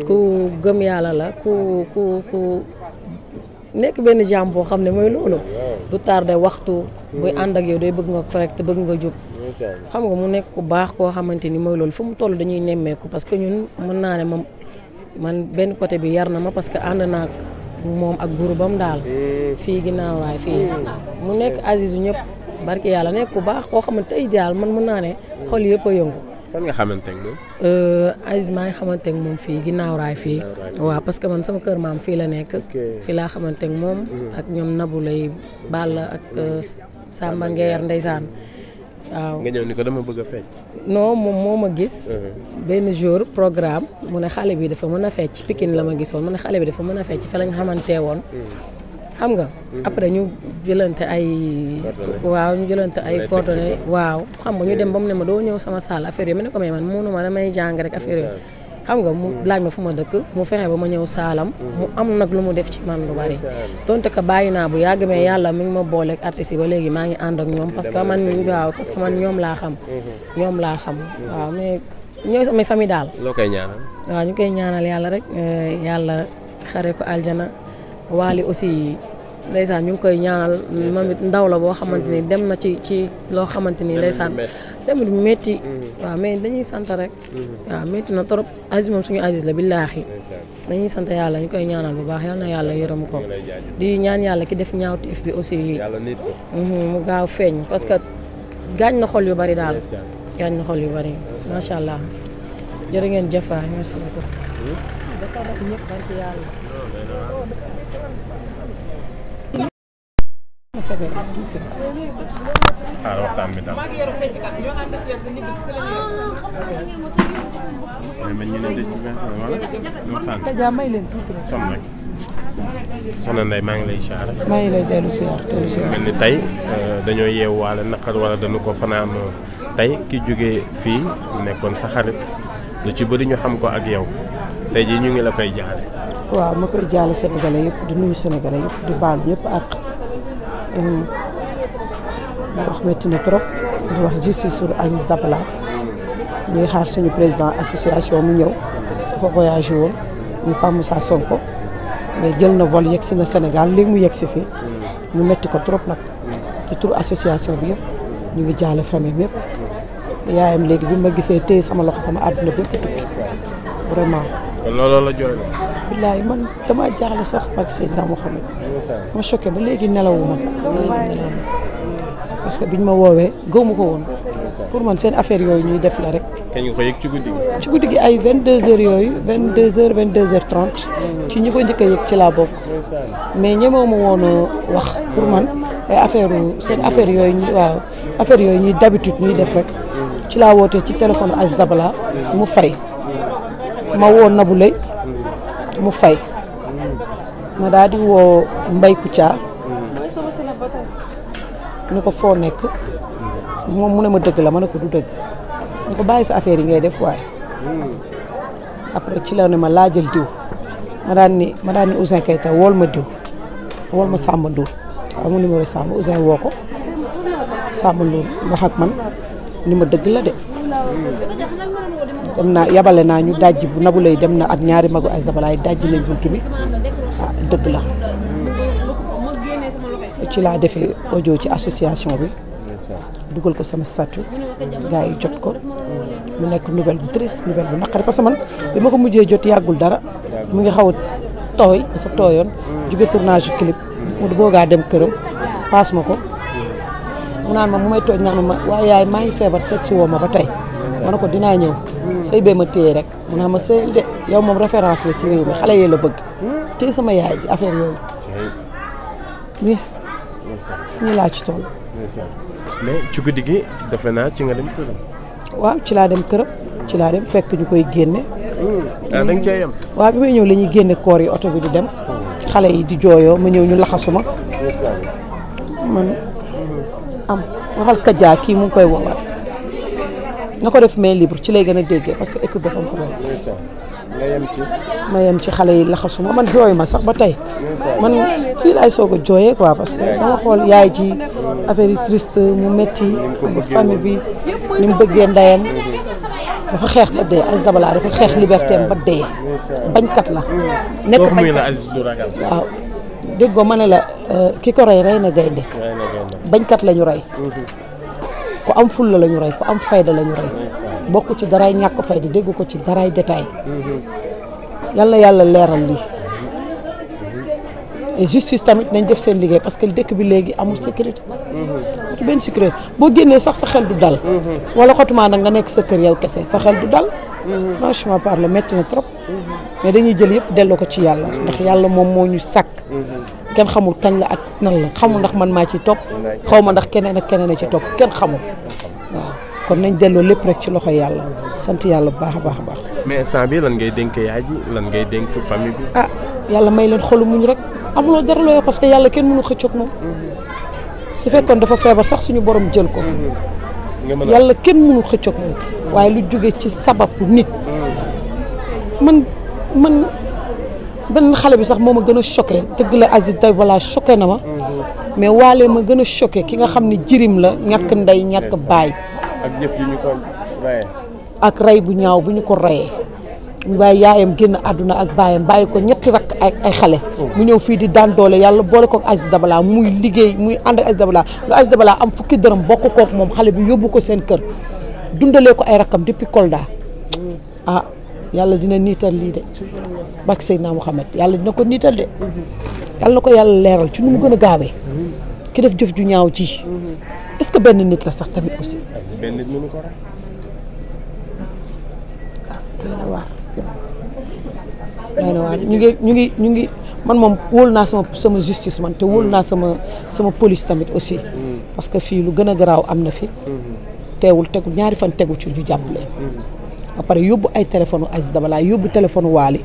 [SPEAKER 13] ku gëm yàlla la ku ku ku nekk benn jàmm boo xam ne mooy loolu taar tardé waxtu buy ànd ak yow day bëgg nga correct bëgg nga jub xam nga mu nekk ku baax koo xamante ni mooy loolu fu mu toll dañuy nemmeeku parce que ñun mun naa ne moom man benn côté bi yar na ma parce que ànd naa moom ak bam daal mm. fii ginnaaw raay fii mu nekk Azizu ñëpp barki yàlla nekk bu baax koo xamante tey daal man mën naa ne xol yëpp a yëngu.
[SPEAKER 6] fan nga xamante ne moom.
[SPEAKER 13] Euh, Aziz maa ngi xamante moom fii ginnaaw raay fii. waaw parce que man sama kër maam fii la nekk. fii laa xamante ne moom. Mhm. ak ñoom nabu lay Balla ak euh, Samba yar ndeysaan waaw
[SPEAKER 6] nga ñëw ni ko dama bëgg a fecc.
[SPEAKER 13] non moom moo ma gis. Mhm. benn jour programme mu ne xale bi dafa mën a fecc Pikine la ma gisoon mu ne xale bi dafa mën a fecc fa la nga xamante woon. Mhm. xam nga après ñu jëlante ay waaw ñu jëlante ay coordonnées waaw xam nga ñu eh. dem ba mu ne ma doo ñëw sama salle affaire yi ma ne ko may man mënu ma damay jàng rek affaire xam nga mu mm. laaj ma fu ma dëkk mu fexe ba ma ñëw saalam mm. mu nag lu mu def ci man lu bari donte que bàyyi naa bu yàgg mais yàlla mi ngi ma booleeg artistes yi ba léegi maa ngi ànd ak ñoom parce que man waaw parce que man ñoom laa xam mm-hmm. ñoom laa xam mm-hmm. waaw mais ñooy sama famille daal loo koy ñaanal waaw ñu koy ñaanal yàlla rek eh, yàlla xare ko aljana Waly aussi ndeysaan ñu ngi koy ñaanal moom ndaw la boo xamante ni mm-hmm. dem na ci ci loo xamante ni ndeysaan demit mu métti waaw mais dañuy sant rek mm-hmm. waaw métti na trop Aziz moom suñu Aziz la billaahi dañuy sant yàlla ñu koy ñaanal bu baax yal na yàlla yërëm ko di ñaan yàlla ki def ñaawteef bi aussi mm-hmm, mu gaaw feeñ parce que gaañ na xol yu bari daal gaañ na xol yu bari macha allah jërë ngeen jëf waay merci
[SPEAKER 3] xaar
[SPEAKER 6] waxtaan bi daal. mais ñu maa ngi lay siyaare. maa
[SPEAKER 3] ngi lay dellu siyaar mel ni
[SPEAKER 6] tey dañoo yeewaale naqar wala dañu ko fanaan tey ki jógee fii nekkoon sa xarit lu ci bëri ñu xam ko ak yow tey jii ñu ngi la koy jaale.
[SPEAKER 3] waaw ma koy jaale Sénégalais yëpp di nuyu Sénégalais yëpp di baal ñëpp ak wax métti na trop di wax justice sur Aziz Dabala ñuy xaar suñu président association mu ñëw dafa voyagé woon ñu Pape Moussa Sonko mais jël na vol yegg si na Sénégal léegi mu yegg si fii ñu métti ko trop nag ci tur association bi yëpp ñu ngi jaale famille yëpp yaayam léegi bi ma gisee téye sama loxo sama àdduna bépp tukki vraiment.
[SPEAKER 6] kon looloo la jooy la.
[SPEAKER 3] billaay man damaa jaaxle sax ak Seydina Mouhamed. ma choqué ba léegi nelaw nelawuma parce que ñu ma woowee gëw ma ko woon pour man seen affaire yooyu ñuy def la rek.
[SPEAKER 6] kañ nga ci guddi gi. ci guddi
[SPEAKER 3] gi ay 22h yooyu 22h 22h30 ci ñi ko njëkk a yëg ci laa bokk. mais ñemewu ma woon wax pour man ay affaire seen affaire yooyu ñuy waaw affaire yooyu ñuy d'habitude ñuy def rek ci laa wootee ci téléphone Aziz Dabala mu fay ma woo Nabou Leye mu fay. ma daal di woo Mbay Koutia ni ko foo nekk moom mu ne ma dëgg la ma ne ko du dëgg ni ko bàyyi sa affaire yi ngay def waaye après ci la ne ma laajal diw ma daan ni ma daan ni Ousin ma diw wool ma Samba Ndour amu woo ko Samba Ndour wax man ni ma dëgg la de dem naa yabale naa ñu dajji bu nabu lay dem na ak ñaari magu ay zabalaay dajji nañ buntu bi dëgg la ci laa defe audio ci association bi dugal ko sama statut gars yi jot ko mu nekk nouvelle bu triste nouvelle bu naqari parce man bi ma ko mujjee jot yàggul dara mu ngi xaw a tooy dafa tooyoon jóge tournage clip mu boogaa dem këram paas ma ko mu naan ma mu may tooj naan ma waaye yaay maa ngi feebar seet si woo ma ba tey ma ne ko dinaa ñëw sëy bee ma téye rek mu ne ma sëy de yow moom référence la ci réew mi xale yee la bëgg téye sama yaay ji affaire yooyu nii nii laa ci toll
[SPEAKER 6] ci guddi gi defe naa ci nga dem këram
[SPEAKER 3] waaw ci laa dem këram ci laa dem fekk ñu koy génne
[SPEAKER 5] hmm. ah, da nga cee yem
[SPEAKER 3] waaw bi may ñëw la ñuy génne koor yi oto bi di dem xale yi di jooyoo ma ñëw ñu laxasuma man am waxal kajaa kii mu ngi koy woowal na ko def mais libre ci lay gën a déggee parce que équipe dafa am problème. ci. ma yem ci xale yi laxasuma man jooy ma sax ba tey. man fii laay soog a jooyee quoi parce que dama xool yaay ji affaire yi triste mu metti bu famille bi ni mu bëggee ndeyam. dafa xeex ba dee Aziz dafa xeex liberté am ba dee. bañkat la.
[SPEAKER 6] nekk bañkat waaw
[SPEAKER 3] déggoo ma ne la euh, ki ko rey rey na gaynde
[SPEAKER 5] bañkat la ñu rey. Mhm.
[SPEAKER 3] ku am fulla la ñu rey ku am fayda la rey bokk ci daraay ñàkk fayda dégg ko ci daraay détail mm-hmm. yal na yàlla leeral lii et justice tamit nañ def seen liggéey parce que dëkk bi léegi amul sécurité ci mm-hmm. benn sécurité boo génnee sax sa xel du dal mm-hmm. wala xotuma nag nga nekk sa kër yow kese sa xel du dal franchement parle métti na trop mais dañuy jël yëpp delloo ko ci yàlla ndax yàlla moom moo ñu sàkk kenn xamul kañ la ak nan la xamul ndax man maa ci topp xaw ma ndax keneen ak keneen a ci topp kenn xamul waaw kon nañ delloo lépp rek ci loxo yàlla sant yàlla bu baax a baax a baax.
[SPEAKER 6] mais instant bi lan ngay dénk yaay lan ngay dénk famille bi.
[SPEAKER 3] Ah, yàlla may leen xolu muñ rek amuloo dara looyoo parce que yàlla kenn mënu xëccoog moom su fekkoon dafa feebar sax suñu borom jël ko. yàlla kenn mënu xëccoog moom waaye lu jóge ci sababu nit mm. man man. benn xale bi sax moom a gën a choqué tëgg la Aziz day wala na ma mm-hmm. mais waale ma gën a choqué ki nga xam ne jirim la ñàkk mm-hmm. ndey ñàkk baay
[SPEAKER 6] ak jëf ko rayee
[SPEAKER 3] ak rey bu ñaaw bu ñu ko rayee waaye yaayam génn àdduna ak baayam bàyyi ko ñetti rakk ay ay xale mm-hmm. mu ñëw fii di daan doole yàlla boole ko Aziz dabalaa muy liggéey muy ànd ak Aziz Dabala lu Aziz Dabala am fukki dërëm bokk kook moom xale bi yóbbu ko seen kër dundale ko ay rakkam depuis Kolda ah, yàlla dina niital lii de barke Seydina Muhammad yàlla dina ko niital de yàlla na ko yàlla leeral ci nu mu gën a gaawee ki def jëf ju ñaaw ji est-ce que benn nit la sax tamit aussi benn nit ah, ñu ngi ñu ngi man moom wóolu naa sama sama justice man te wóolu naa sama sama police tamit aussi mm. parce que fii lu gën a garaaw am na fi mm-hmm. teewul tegu ñaari fan tegu ci ñu jàpp ba yóbbu ay téléphone u Aziz Dabala yóbbu téléphone Waly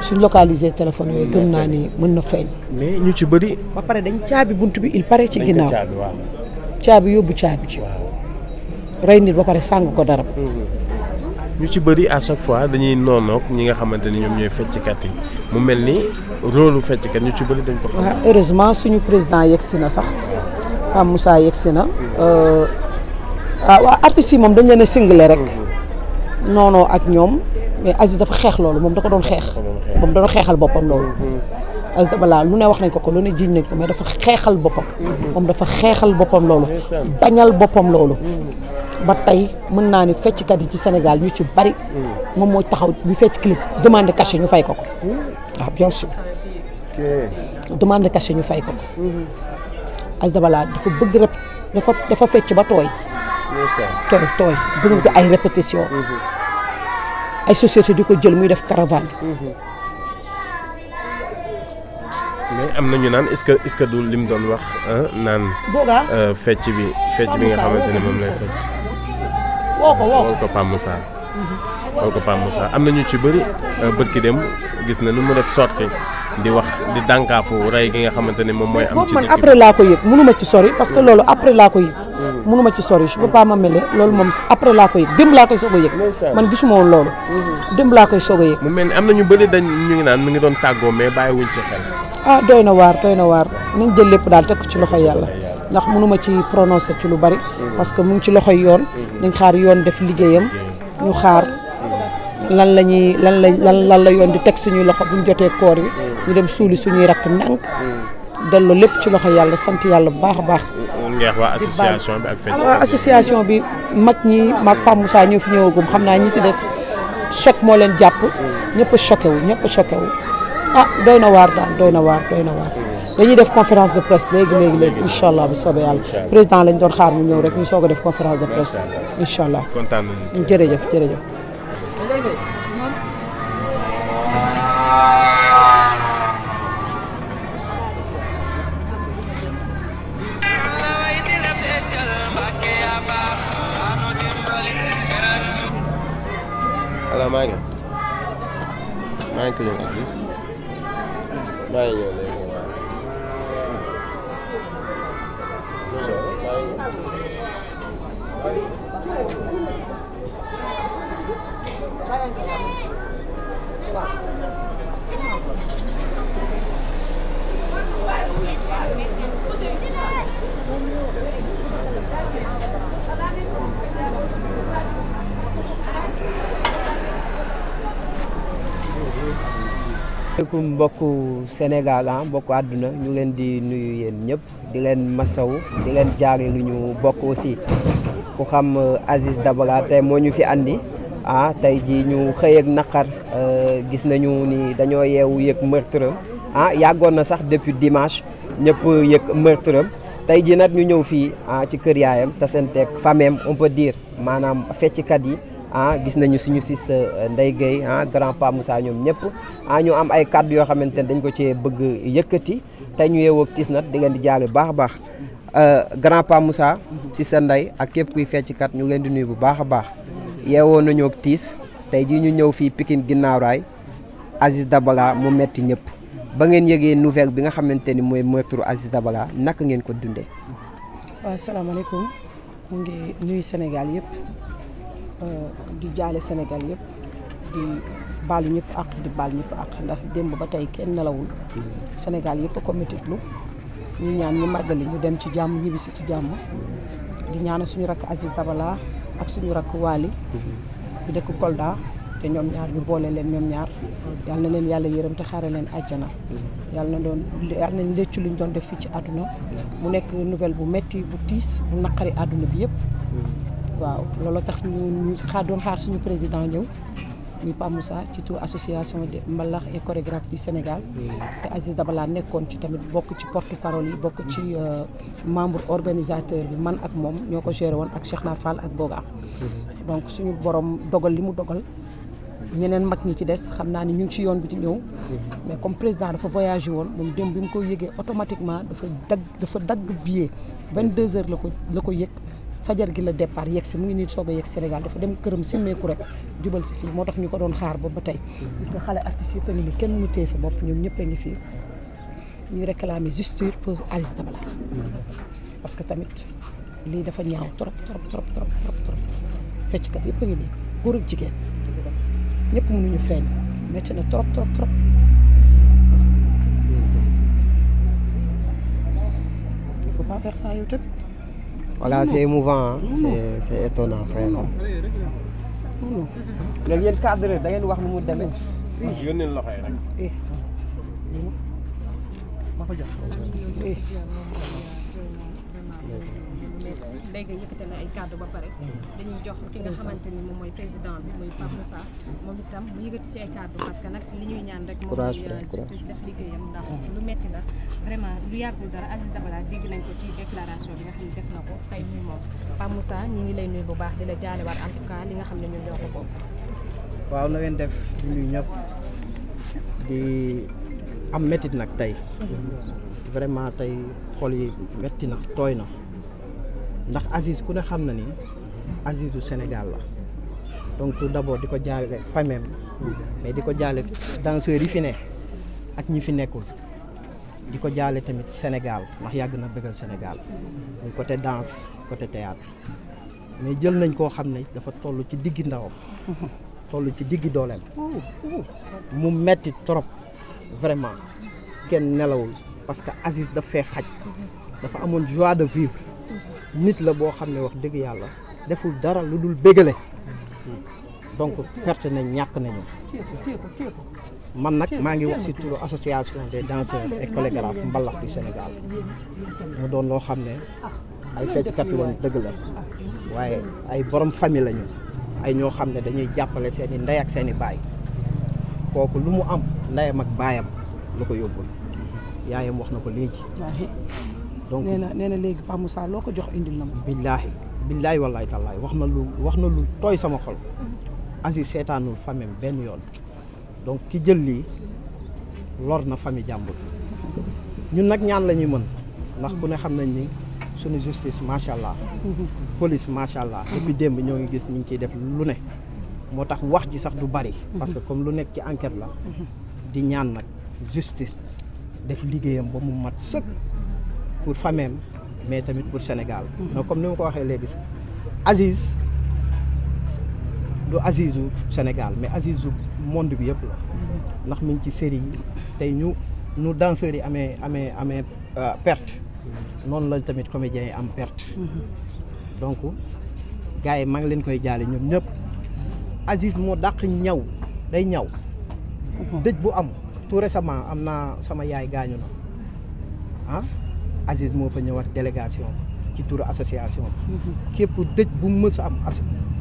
[SPEAKER 3] suñ localisé téléphone yooyu gëm naa ni mën na feeñ mais ñu ci bëri ba pare dañ caabi bunt bi il pare ci ginnaaw caabi yóbbu caabi ci rey nit ba pare sàng ko dara
[SPEAKER 6] mm-hmm. ñu ci bëri à chaque fois dañuy noonoog ñi nga xamante ni ñoom ñooy fecckat yi mu mel ni rôle fecckat ñu ci bëri dañ ko xam
[SPEAKER 3] waaw heureusement suñu président yegg si na sax Pape Moussa yegg si na mm-hmm. euh, ah waa artistes yi moom dañ leen a single rek mm-hmm. noonoo ak ñoom mais Aziz dafa xeex loolu moom dafa doon xeex moom da xeexal boppam loolu mm-hmm. Aziz Dabala lu ne wax nañ ko ko lu ne jiiñ nañ ko mais dafa xeexal boppam mm-hmm. dafa xeexal boppam loolu bañal boppam loolu mm-hmm. ba tey mën naa ni fecckat yi ci Sénégal ñu ci bari moom mooy taxaw ñu fecc clip demande cachet ñu fay ko ko waaw ah, bien sûr ñu fay ko ko Aziz Dabala dafa bëgg rek dafa dafa fecc ba tooy tooy tooy bëgg ay répétition ay société di ko jël muy def caravane.
[SPEAKER 6] mais am na ñu naan est-ce que est-ce que du lim doon wax naan. Euh, fecc bi fecc bi nga xamante ne moom lay fecc. woo ko woo ko mm-hmm. am na ñu ci bëri euh, bët ki dem gis na nu mu def sorti di wax di dànkaafu rey gi nga xamante moom mooy. am ci man après laa
[SPEAKER 3] ko yëg mënuma ci sori parce que loolu après laa ko yëg. Mm-hmm. mënu ma ci sori je peux pas ma mêler loolu moom après laa ko yëg démb laa koy soog a yëg man gisuma woon loolu
[SPEAKER 6] mm-hmm.
[SPEAKER 3] démb laa koy soog a mu
[SPEAKER 6] mel ni am na ñu bëri dañ ñu ngi naan mi ngi doon tàggoo mais bàyyiwuñ ci xel
[SPEAKER 3] ah doy na waar doy na waar nañ jël lépp daal teg ko ci loxo yàlla ndax munuma ci prononcer ci lu bari mm-hmm. parce que mu ngi ci loxo yoon dañ xaar yoon def liggéeyam ñu xaar lan la ñuy lan la lan la yoon di teg suñuy loxo buñ jotee koor yi dem suuli suñuy rakk ndànk delloo lépp ci loxo yàlla sant yàlla bu baax a baax.
[SPEAKER 6] ngeex waa association bi ak fecc waa association
[SPEAKER 3] bi mag ñi maag Pape Moussa ñoo fi ñëwagum xam naa ñi ci des choc moo leen jàpp. ñëpp a choqué wu ñëpp a choqué ah doy na waar daal doy na waar doy na waar. dañuy def conférence de presse léegi léegi léegi incha allah bu soobee yàlla président lañ doon xaar mu ñëw rek ñu soog a def conférence de presse incha allah. kontaan nañu jërëjëf jërëjëf.
[SPEAKER 6] maa ngi koy ñëw ak gis maa ngi ñëw léegi
[SPEAKER 9] maaleykum mbokku Sénégal ah mbokku àdduna ñu leen di nuyu yéen ñëpp di leen masaw di leen jaare lu ñu bokk aussi ku xam euh, Aziz Dabala tey moo ñu fi andi ah tey jii ñu xëyeek ak naqar euh, gis nañu ni dañoo yeewu yëg meurtre ah yàggoon na sax depuis dimanche ñëpp yëg meurtre tey jii nag ñu ñëw fii ah ci kër yaayam tasanteeg fameem on peut dire maanaam fecckat yi. ah gis nañu suñu sis euh, Ndeye Gueye ah grand pa Moussa ñoom ñëpp ah ñu am ay kàddu yoo xamante ne dañ ko cee bëgg yëkkati tey ñu yeewoo ak nag di ngeen di jaale baax a baax euh, grand pa Moussa si sa ndey ak képp kuy fecckat ñu leen di nuy bu baax a baax yeewoo nañoo tiis tey jii ñu ñëw fii Pikine ginnaawraay raay Aziz Dabala mu metti ñëpp ba ngeen yëgee nouvelle bi nga xamante ni mooy meurtre Aziz Dabala naka ngeen ko dundee.
[SPEAKER 3] waaw salaamaaleykum mu ngi nuyu Sénégal Euh, di jaale Sénégal yëpp di baalu ñëpp àq di baal ñëpp àq ndax démb ba tey kenn nelawul Sénégal yëpp ko lu ñu ñaan ñu màggali ñu dem ci jàmm ñibbisi ci jàmm di ñaanal suñu rakk asi Dabala ak suñu rakk Waly bi dëkk Kolda te ñoom ñaar ñu boole leen ñoom ñaar yal na leen yàlla yërëm te xaare leen àjjana yal na doon yal nañ léccu luñ doon def fii ci àdduna mu nekk nouvelle bu metti bu tiis mu naqari àdduna bi yëpp waaw loolu tax ñu ñu xaar doon xaar suñu président ñëw ñu Pape Moussa ci tout association de mbalax et chorégraphe du Sénégal te Aziz laa nekkoon ci tamit bokk ci porte parole yi bokk ci euh, membre organisateur bi man ak moom ñoo ko géré woon ak Cheikh Naar Fall ak Boga donc suñu borom dogal li mu dogal ñeneen mag ñi ci des xam naa ni ñu ngi ci yoon bi di ñëw mais comme président dafa voyagé woon moom démb bi mu ko yëgee automatiquement dafa dagg dafa dagg billet vingt deux heures la ko la ko yëg fajar gi la départ yegg si mu ngi nii soo a yegg Sénégal dafa dem këram simmeeku rek jubal si fii moo tax ñu ko doon xaar ba ba tey gis nga xale artistes yëpp a ngi nii kenn mu téye sa bopp ñoom ñëpp a ngi fii ñu réclamer justice pour Aziz Dabala parce que tamit lii dafa ñaaw trop trop trop trop trop trop fecckat yëpp a ngi nii góor ak jigéen ñëpp na trop trop trop
[SPEAKER 9] Voilà, c'est émouvant, c'est c'est étonnant vraiment. léegi yéen cadre da ngeen wax nu mu demee.
[SPEAKER 6] Eh. yónnee loxo yi rek. Eh.
[SPEAKER 5] ma
[SPEAKER 14] léegi kàddu ba pare mm. dañuy jox ki nga moom mooy président moom itam mu yëkkati ci parce que nag li ñuy ñaan rek moom euh, justice def liggéeyam ndax mm. lu metti la vraiment lu yàggul dara Aziz Dabala dégg nañ ko ci déclaration bi nga xam ne def na ko tey muy moom Pape Moussa ñi ngi lay nuyu bu baax di la jaalewaat en tout cas li nga xam ne ñun ñoo ko
[SPEAKER 9] waaw na ngeen def ñuy ñëpp di am métit nag tey mm-hmm. vraiment tey xol yi métti na tooy na ndax Aziz ku ne xam na ni Azizu Sénégal la donc tout d'abord di ko jaale famille mais di ko jaale danseurs yi fi ne ak ñi fi nekkul di ko jaale tamit Sénégal ndax yàgg na bëggal Sénégal muy côté danse côté théâtre mais jël nañ koo xam ne dafa toll ci diggi ndawam toll ci diggi dooleem mu metti trop vraiment kenn nelawul parce que Aziz daf fee xaj dafa amoon joie de vivre nit la boo xam ne wax dëgg yàlla deful dara lu dul bégale donc perte nañ ñàkk nañu man nag maa ngi wax ci turu association des danseurs et mbalax du Sénégal mu doon loo xam ne
[SPEAKER 5] ay fecckat lañ
[SPEAKER 9] dëgg la waaye ay boroom famille lañu ay ñoo xam ne dañuy jàppale seeni ndey ak seeni i kooku lu mu am ndeyam ak baayam lu ko yóbbul yaayam wax na ko léegi donc nee na nee
[SPEAKER 3] na léegi Pape Moussa loo ko jox indi na ma.
[SPEAKER 9] billaahi billaahi wallaahi tallaahi wax na lu wax na lu tooy sama xol.
[SPEAKER 5] Mm-hmm.
[SPEAKER 9] Aziz seetaanul famille benn yoon. donc ki jël lii lor na famille jàmbur ñun nag ñaan la ñuy mën ndax ku ne xam nañ ni suñu justice macha allah. Mm-hmm. police macha allah. depuis démb ñoo ngi gis ñu ngi ciy def lu ne. moo tax wax ji sax du bari. Mm-hmm. parce que comme lu nekk ci enquête la. di ñaan nag justice def liggéeyam ba mu mat sëkk. pour famem mais tamit pour Sénégal. comme ni ma ko waxee léegi si Aziz du Sénégal mais Azizu monde bi yëpp la ndax mi ci série tey ñu ñu danseurs amee amee amee euh, perte noonu la tamit comédiens yi am perte. donc gars yi maa ngi leen koy jaale ñoom ñëpp Aziz moo dàq ñaw day ñaw. Mhm. dëj bu am tout récemment am naa sama yaay gaañu na ah? Aziz moo fa ñëwaat délégation ci turu association bi mhm. képp dëj bu mu mës a am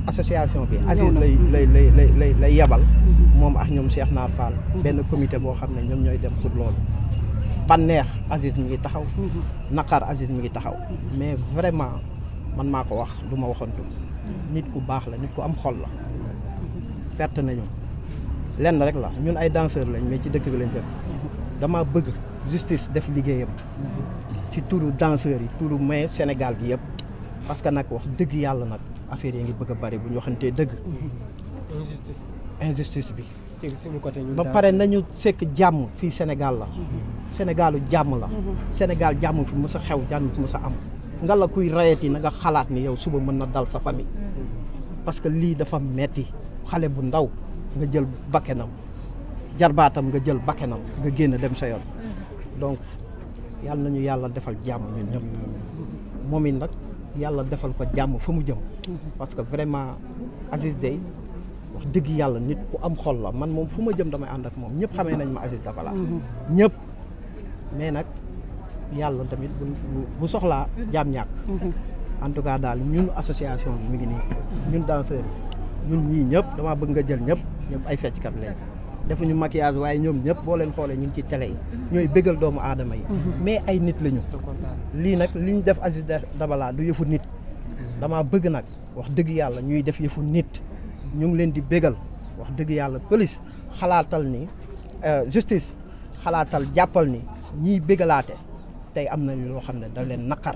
[SPEAKER 9] association bi Aziz lay lay lay lay lay lay yebal mhm. moom ak ñoom Cheikh naa Fall mhm. benn comité boo xam ne ñoom ñooy dem pour loolu banneex Aziz mi ngi taxaw naqar Aziz mi ngi taxaw mais vraiment man maa ko wax du ma waxantu nit ku baax la nit ku am xol la perte nañu lenn rek la ñun ay danseur lañ mais ci dëkk bi lañ dëkk damaa bëgg justice def liggéeyam ci turu danseurs yi turu mais Sénégal gi yëpp parce que nag wax dëgg yàlla nag affaire yaa ngi bëgg a bari bu ñu waxantee dëgg. injustice bi injustice bi. ba pare nañu sekk jàmm fii Sénégal la. Mhm. Sénégalu jàmm la. Mhm. Sénégal jàmm fi mu a xew jàmm fi mës a am. nga la kuy rayati na nga xalaat ni yow suba mën na dal sa famille.
[SPEAKER 5] Mhm.
[SPEAKER 9] parce que lii dafa metti xale bu ndaw nga jël bakkenam jarbaatam nga jël bakkenam nga génn dem sa
[SPEAKER 5] yoon
[SPEAKER 9] yàlla nañu yàlla defal jàmm ñun ñëpp moom it nag yàlla defal ko jàmm fa mu jëm parce que vraiment Aziz Dey wax dëgg yàlla nit ku am xol la man moom fu ma jëm damay ànd ak moom ñëpp xamee nañ ma Aziz Dabala ñëpp mais nag yàlla tamit bu soxlaa jaam ñàkk en tout cas daal ñun association bi mu ngi nii ñun danseurs ñun ñii ñëpp damaa bëgg nga jël ñëpp ñëpp ay fecckat leen defuñu maquillage waaye ñoom ñëpp boo leen xoolee ñu ngi ci tele yi ñooy bégal doomu aadama yi mhm. mais ay nit lañu lii nag li ñu def Aziz Dabala du yëfu nit damaa bëgg nag wax dëgg yàlla ñuy def yëfu nit ñu ngi leen di bégal wax dëgg yàlla police xalaatal ni euh, justice xalaatal jàppal ni ñiy bégalaate tey am na loo xam ne da leen naqar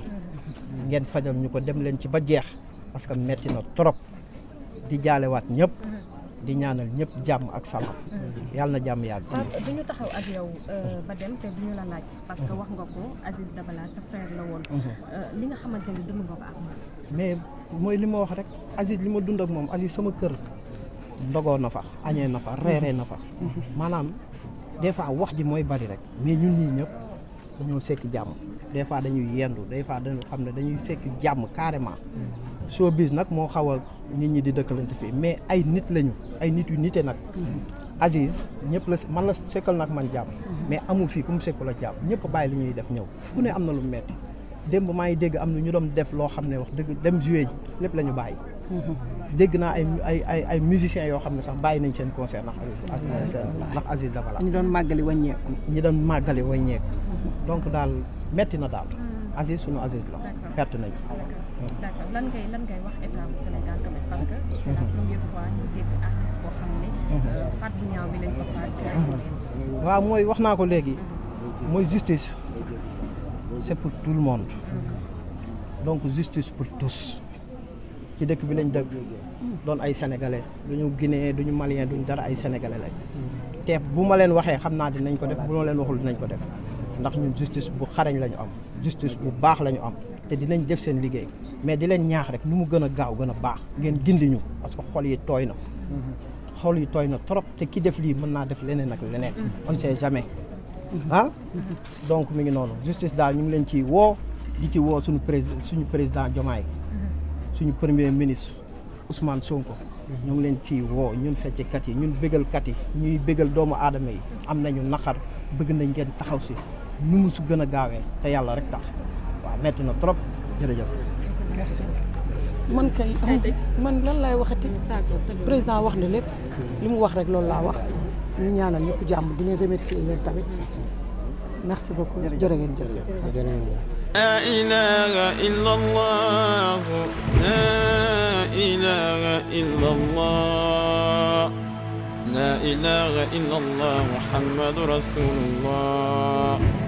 [SPEAKER 9] ngeen fajal ñu ko dem leen ci ba jeex parce que metti na trop di jaalewaat ñëpp di ñaanal ñëpp jàmm ak salaam. Mm-hmm. yàlla na jàmm yàgg. Pape
[SPEAKER 14] bi ñu taxaw ak yow euh, mm-hmm. ba dem te du la laaj. parce que mm-hmm. wax nga ko Aziz Dabala sa frère la woon. Euh, li nga xamante ni nga
[SPEAKER 9] mais mooy li ma wax rek Aziz li ma dund ak moom Aziz sama kër ndogoo na fa añee na fa reeree na fa. maanaam des fois wax ji mooy bari rek mais ñun ñii ñëpp dañoo sekki jàmm des fois dañuy yendu des fois dañu xam ne dañuy sekk jàmm carrément. biis nag moo xaw a nit ñi di dëkkalante fii mais ay nit lañu ay nit yu nite nag. Mm-hmm. Aziz ñëpp la man la sekkal nag man jàmm. Mm-hmm. mais amul fii ku mu sekkal a jàmm ñëpp bàyyi lu ñuy def ñëw ku ne am na lu mu metti démb maa ngi dégg am na ñu doon def loo xam ne wax dëgg dem joué ji lépp la ñu bàyyi. Mm-hmm. dégg naa ay ay ay ay musiciens yoo xam ne sax bàyyi nañ seen concert ndax Aziz ndax Aziz dafa la. ñu doon màggali wàññeeku. ñu doon màggali wàññeeku. donc daal metti na daal. Aziz suñu Aziz la perte nañ d'accord waaw mooy wax naa ko léegi mooy justice c'est pour tout le monde mhm. donc justice pour tous ci dëkk bi lañ dëkk doon ay sénégalais duñu guinéen duñu malien du duñu dara ay sénégalais lañ
[SPEAKER 5] mhm.
[SPEAKER 9] te bu ma leen waxee xam naa nañ ko def bu ma leen waxul dinañ ko def ndax ñun justice bu xarañ lañu am justice bu baax la ñu am te dinañ def seen liggéey mais di leen ñaax rek nu mu gën a gaaw gën a baax ngeen gindi ñu parce que xool yi tooy na xol yi tooy na trop te ki def lii mën naa def leneen ak leneen on sait jamais ah donc mi ngi noonu justice daal ñu ngi leen ciy woo di ci woo suñu président suñu président Diomaye suñu premier ministre Ousmane Sonko ñu ngi leen ci woo ñun feccekat yi ñun bégalkat yi ñuy bégal doomu aadama yi am nañu naqar bëgg nañ ngeen taxaw si nu mu su gën a gaawee te yàlla rek tax waaw metti na trop jërëjëf. man kay
[SPEAKER 3] man lan laay waxati président wax na lépp li mu wax rek loolu laa wax ñu ñaanal ñëpp jàmm di leen remercier yéen tamit merci beaucoup jërë ngeen jëf. la
[SPEAKER 1] la ilaha illa allah la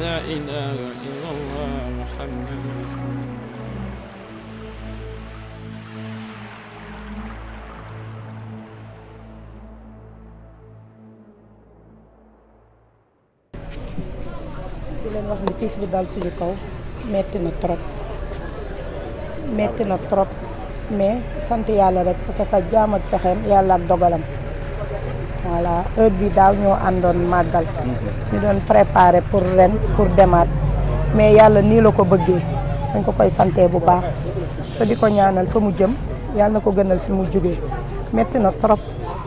[SPEAKER 1] لا di leen
[SPEAKER 15] wax ni tiis bi dal suñu kaw metti na trop metti na trop mais sant yàlla rek parce que jaam ak yàlla ak dogalam voilà heure bi daaw ñoo àndoon màggal. ñu doon préparer pour ren pour demaat mais yàlla nii la ko bëggee dañ ko koy sante bu baax te di ko ñaanal fa mu jëm yàlla na ko gënal fi mu jógee métti na trop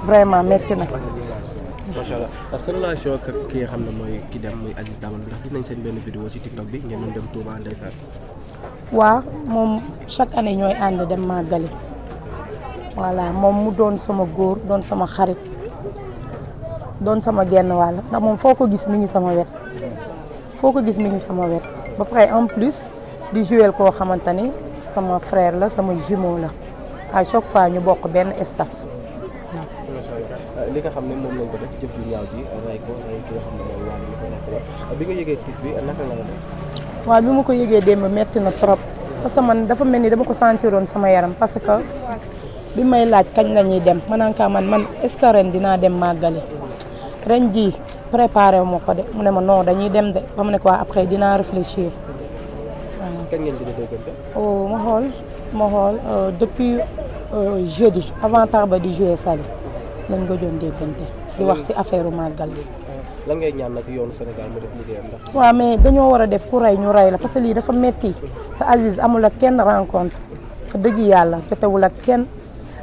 [SPEAKER 15] vraiment métti na. macha
[SPEAKER 8] allah sa relation ak ki nga xam ne mooy ki dem muy Aziz Dabala ndax gis nañ seen benn vidéo ci bi ngeen doon dem Touba ndeysaan.
[SPEAKER 15] waaw moom chaque année ñooy ànd dem màggali voilà moom mu doon sama góor doon sama xarit. doon sama genn wàll ndax moom foo ko gis mu ngi sama wet foo ko gis mi ngi sama wet ba pare en plus di jouer koo xamante ni sama frère la sama jumeau la à chaque fois ñu bokk benn staff.
[SPEAKER 8] bi nga yëgee tiis bi naka nga la def.
[SPEAKER 15] waaw bi ma ko yëgee démb metti na trop parce que man dafa mel ni dama ko sentiroon sama yaram parce que bi may laaj kañ la ñuy dem ma naan kaa man man est dinaa dem màggali. ren jii préparé wu ko de mu ne ma non dañuy dem de ba mu ne ko waa ah, après dinaa réfléchir
[SPEAKER 8] voilà. kañ ngeen di déggante.
[SPEAKER 15] oh ma xool ma euh, depuis euh, jeudi avant Tarba di jouer Saly lañ ko doon déggante di wax si affaire màggal bi.
[SPEAKER 8] Ah, lan ngay ñaan nag
[SPEAKER 15] mais dañoo war a def ku rey ñu rey la parce que lii dafa metti te Aziz amul a kenn rencontre fa dëgg yàlla jotewul ak kenn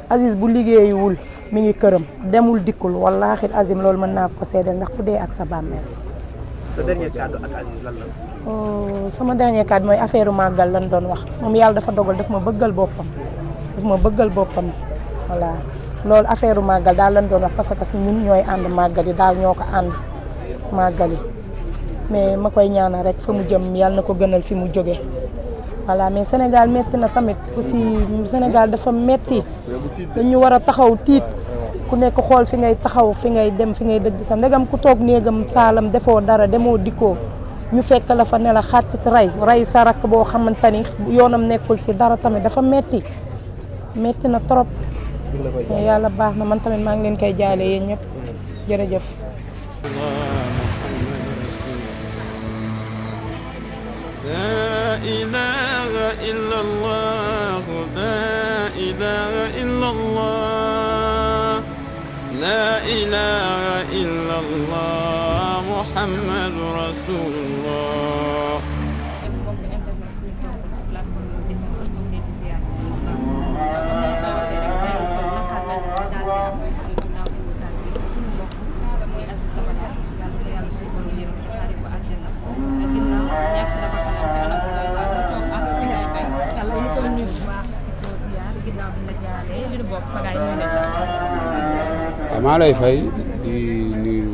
[SPEAKER 15] Aziz bu liggéeyiwul. mi ngi këram demul dikkul wallaahi azim loolu mën naa ko seedeel ndax ku dee ak sa bàmmeel. sa oh, sama dernier kàddu mooy affaire màggal lan doon wax moom yàlla dafa dogal daf ma bëggal boppam daf ma bëggal boppam voilà loolu affaire màggal daal lan doon wax parce que ñun ñooy ànd màggal yi daal ñoo ko ànd màggal yi mais ma koy ñaanal rek fa mu jëm yàlla na ko gënal fi mu jóge voilà mais Sénégal metti na tamit aussi Sénégal dafa metti dañu war a taxaw tiit. ku nekk xool fi ngay taxaw fi ngay dem fi ngay dëgg sa ndegam ku toog néegam saalam defoo dara demoo dikkoo ñu fekk la fa ne la rey rey sa rakk boo xamante ni yoonam nekkul si dara tamit dafa metti metti na trop yàlla baax na man tamit maa ngi leen koy jaale yéen
[SPEAKER 1] ñëpp لا إله إلا الله محمد رسول الله
[SPEAKER 5] bokk bagaay ñu ne
[SPEAKER 16] maa lay fay di nuyu di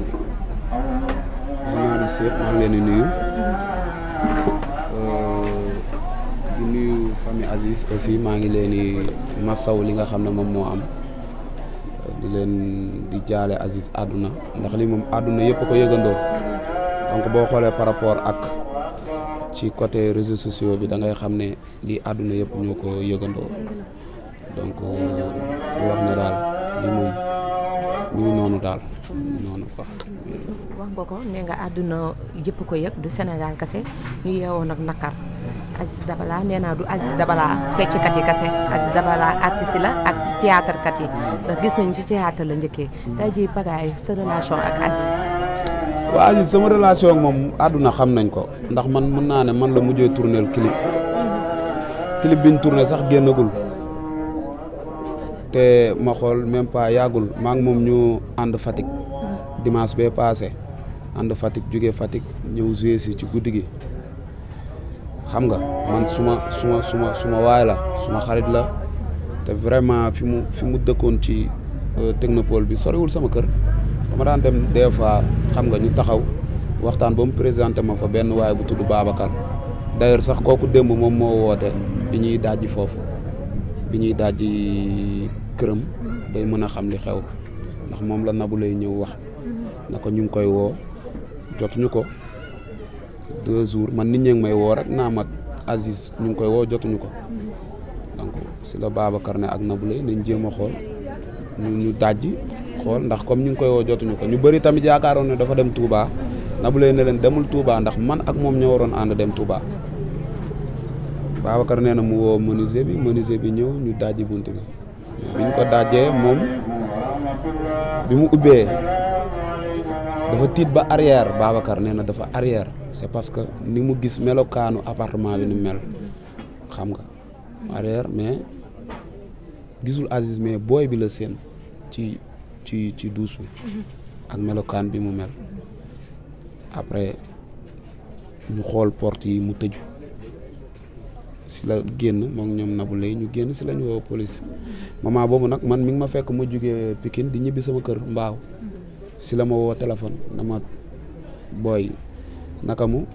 [SPEAKER 16] nuyu euh, di nuyu famille aussi maa ngi leen di masaw li nga xam ne moom moo am di leen di jaale Aziz àdduna ndax li moom àdduna yëpp ko yëgandoo donc boo xoolee par rapport ak ci côté réseaux sociaux bi da ngay xam ne li àdduna yëpp ñoo ko yëgandoo donc euh, di wax ne daal li moom ñu noonu daal noonu quoi.
[SPEAKER 14] wax nga ko nee nga àdduna yëpp ko yëg du Sénégal kese ñu yeewoon ak nakar Aziz Dabala nee naa du Aziz Dabala fecckat yi kese Aziz Dabala artiste la ak théâtre kat yi ndax gis nañ ci théâtre la njëkkee tey jii Pagaye sa relation ak Aziz.
[SPEAKER 16] waaw Aziz sama relation moom àdduna xam nañ ko ndax man mën naa ne man la mujjee tourner clip mhm. clip bi ñu tourné sax génnagul. ma xool même pas yaagul maa ngi moom ñu ànd Fatick mm. dimanche bee passé ànd Fatick jóge Fatick ñëw joué si ci guddi gi xam nga man suma suma suma suma waay la suma xarit la te vraiment fi mu fi mu dëkkoon ci euh, technopole bi soriwul sama kër dama daan dem des fois xam nga ñu taxaw waxtaan ba mu présenté ma fa benn waay bu tudd Babacar d'ailleurs sax kooku démb moom moo woote bi ñuy dajji foofu bi ñuy dajji këram day mën a xam li xew ndax moom la Nabou lay ñëw wax na ko ñu ngi koy woo jotuñu ko deux jours man nit ñi may woo rek naa ma ñu ngi koy woo jotuñu ko donc si la Babacar ne ak Nabou nañ jéem a xool ñu ñu xool ndax comme ñu ngi koy woo jotuñu ko ñu bëri tamit yaakaaroon ne dafa dem Touba Nabou lay ne leen demul ndax man ak moom ñoo waroon ànd dem Touba Babacar nee na mu woo menuisier bi menuisier bi ñëw ñu daj bunt bi. biñ ko daajee moom bi mu ubbee dafa tiit ba arrière Babacar nee na dafa arrière c'est parce que ni mu gis melokaanu appartement bi ni mel xam nga arrière mais gisul Aziz mais booy bi la seen ci ci ci douche bi ak melokaan bi mu mel après ñu xool porte yi mu tëju si la génn moom ñoom Nabou Leye ñu génn si la ñu woo police moment boobu nag man mi ngi ma fekk ma jugee Pikine di ñibbi sama kër mbaaw si la ma woo téléphone ma booy naka mu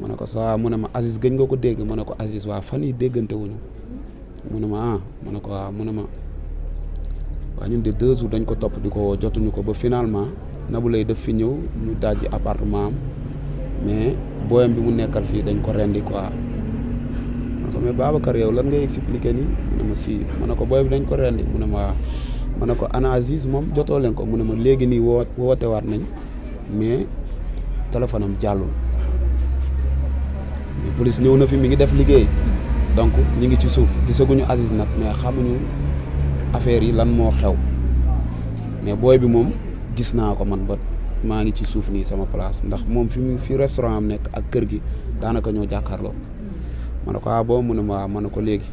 [SPEAKER 16] ma ne ko saa mu ne ma Aziz gëj nga ko dégg ma ne ko Aziz waa fan yi déggante wuñu mu ne ma ah ma ne ko waaw ah, mu ne ma waa ñun de deux jours dañ ko topp di ko woo jotuñu ko ba finalement Nabou Leye daf fi ñëw ñu dajji appartement am mais booyam bi mu nekkal fii dañ ko rendi quoi mais Babacar yow lan ngay expliquer nii mu ne ma si ma ne ko booy bi dañ ko rendi mun ne ma man ma ko analyse moom jotoo leen ko mun a ma léegi nii woo wootewaat nañ mais téléphone am jàllul mais police ñëw na fi mi ngi def liggéey donc ñu ngi ci suuf gisaguñu Aziz nag mais xamuñu affaire yi lan moo xew mais booy bi moom gis naa ko man ba maa ngi ci suuf nii sama place ndax moom fi mu fi restaurant am nekk ak kër gi daanaka ñoo jàkkaarloo. ma ne ko ah boo mu ne ma ma ne ko léegi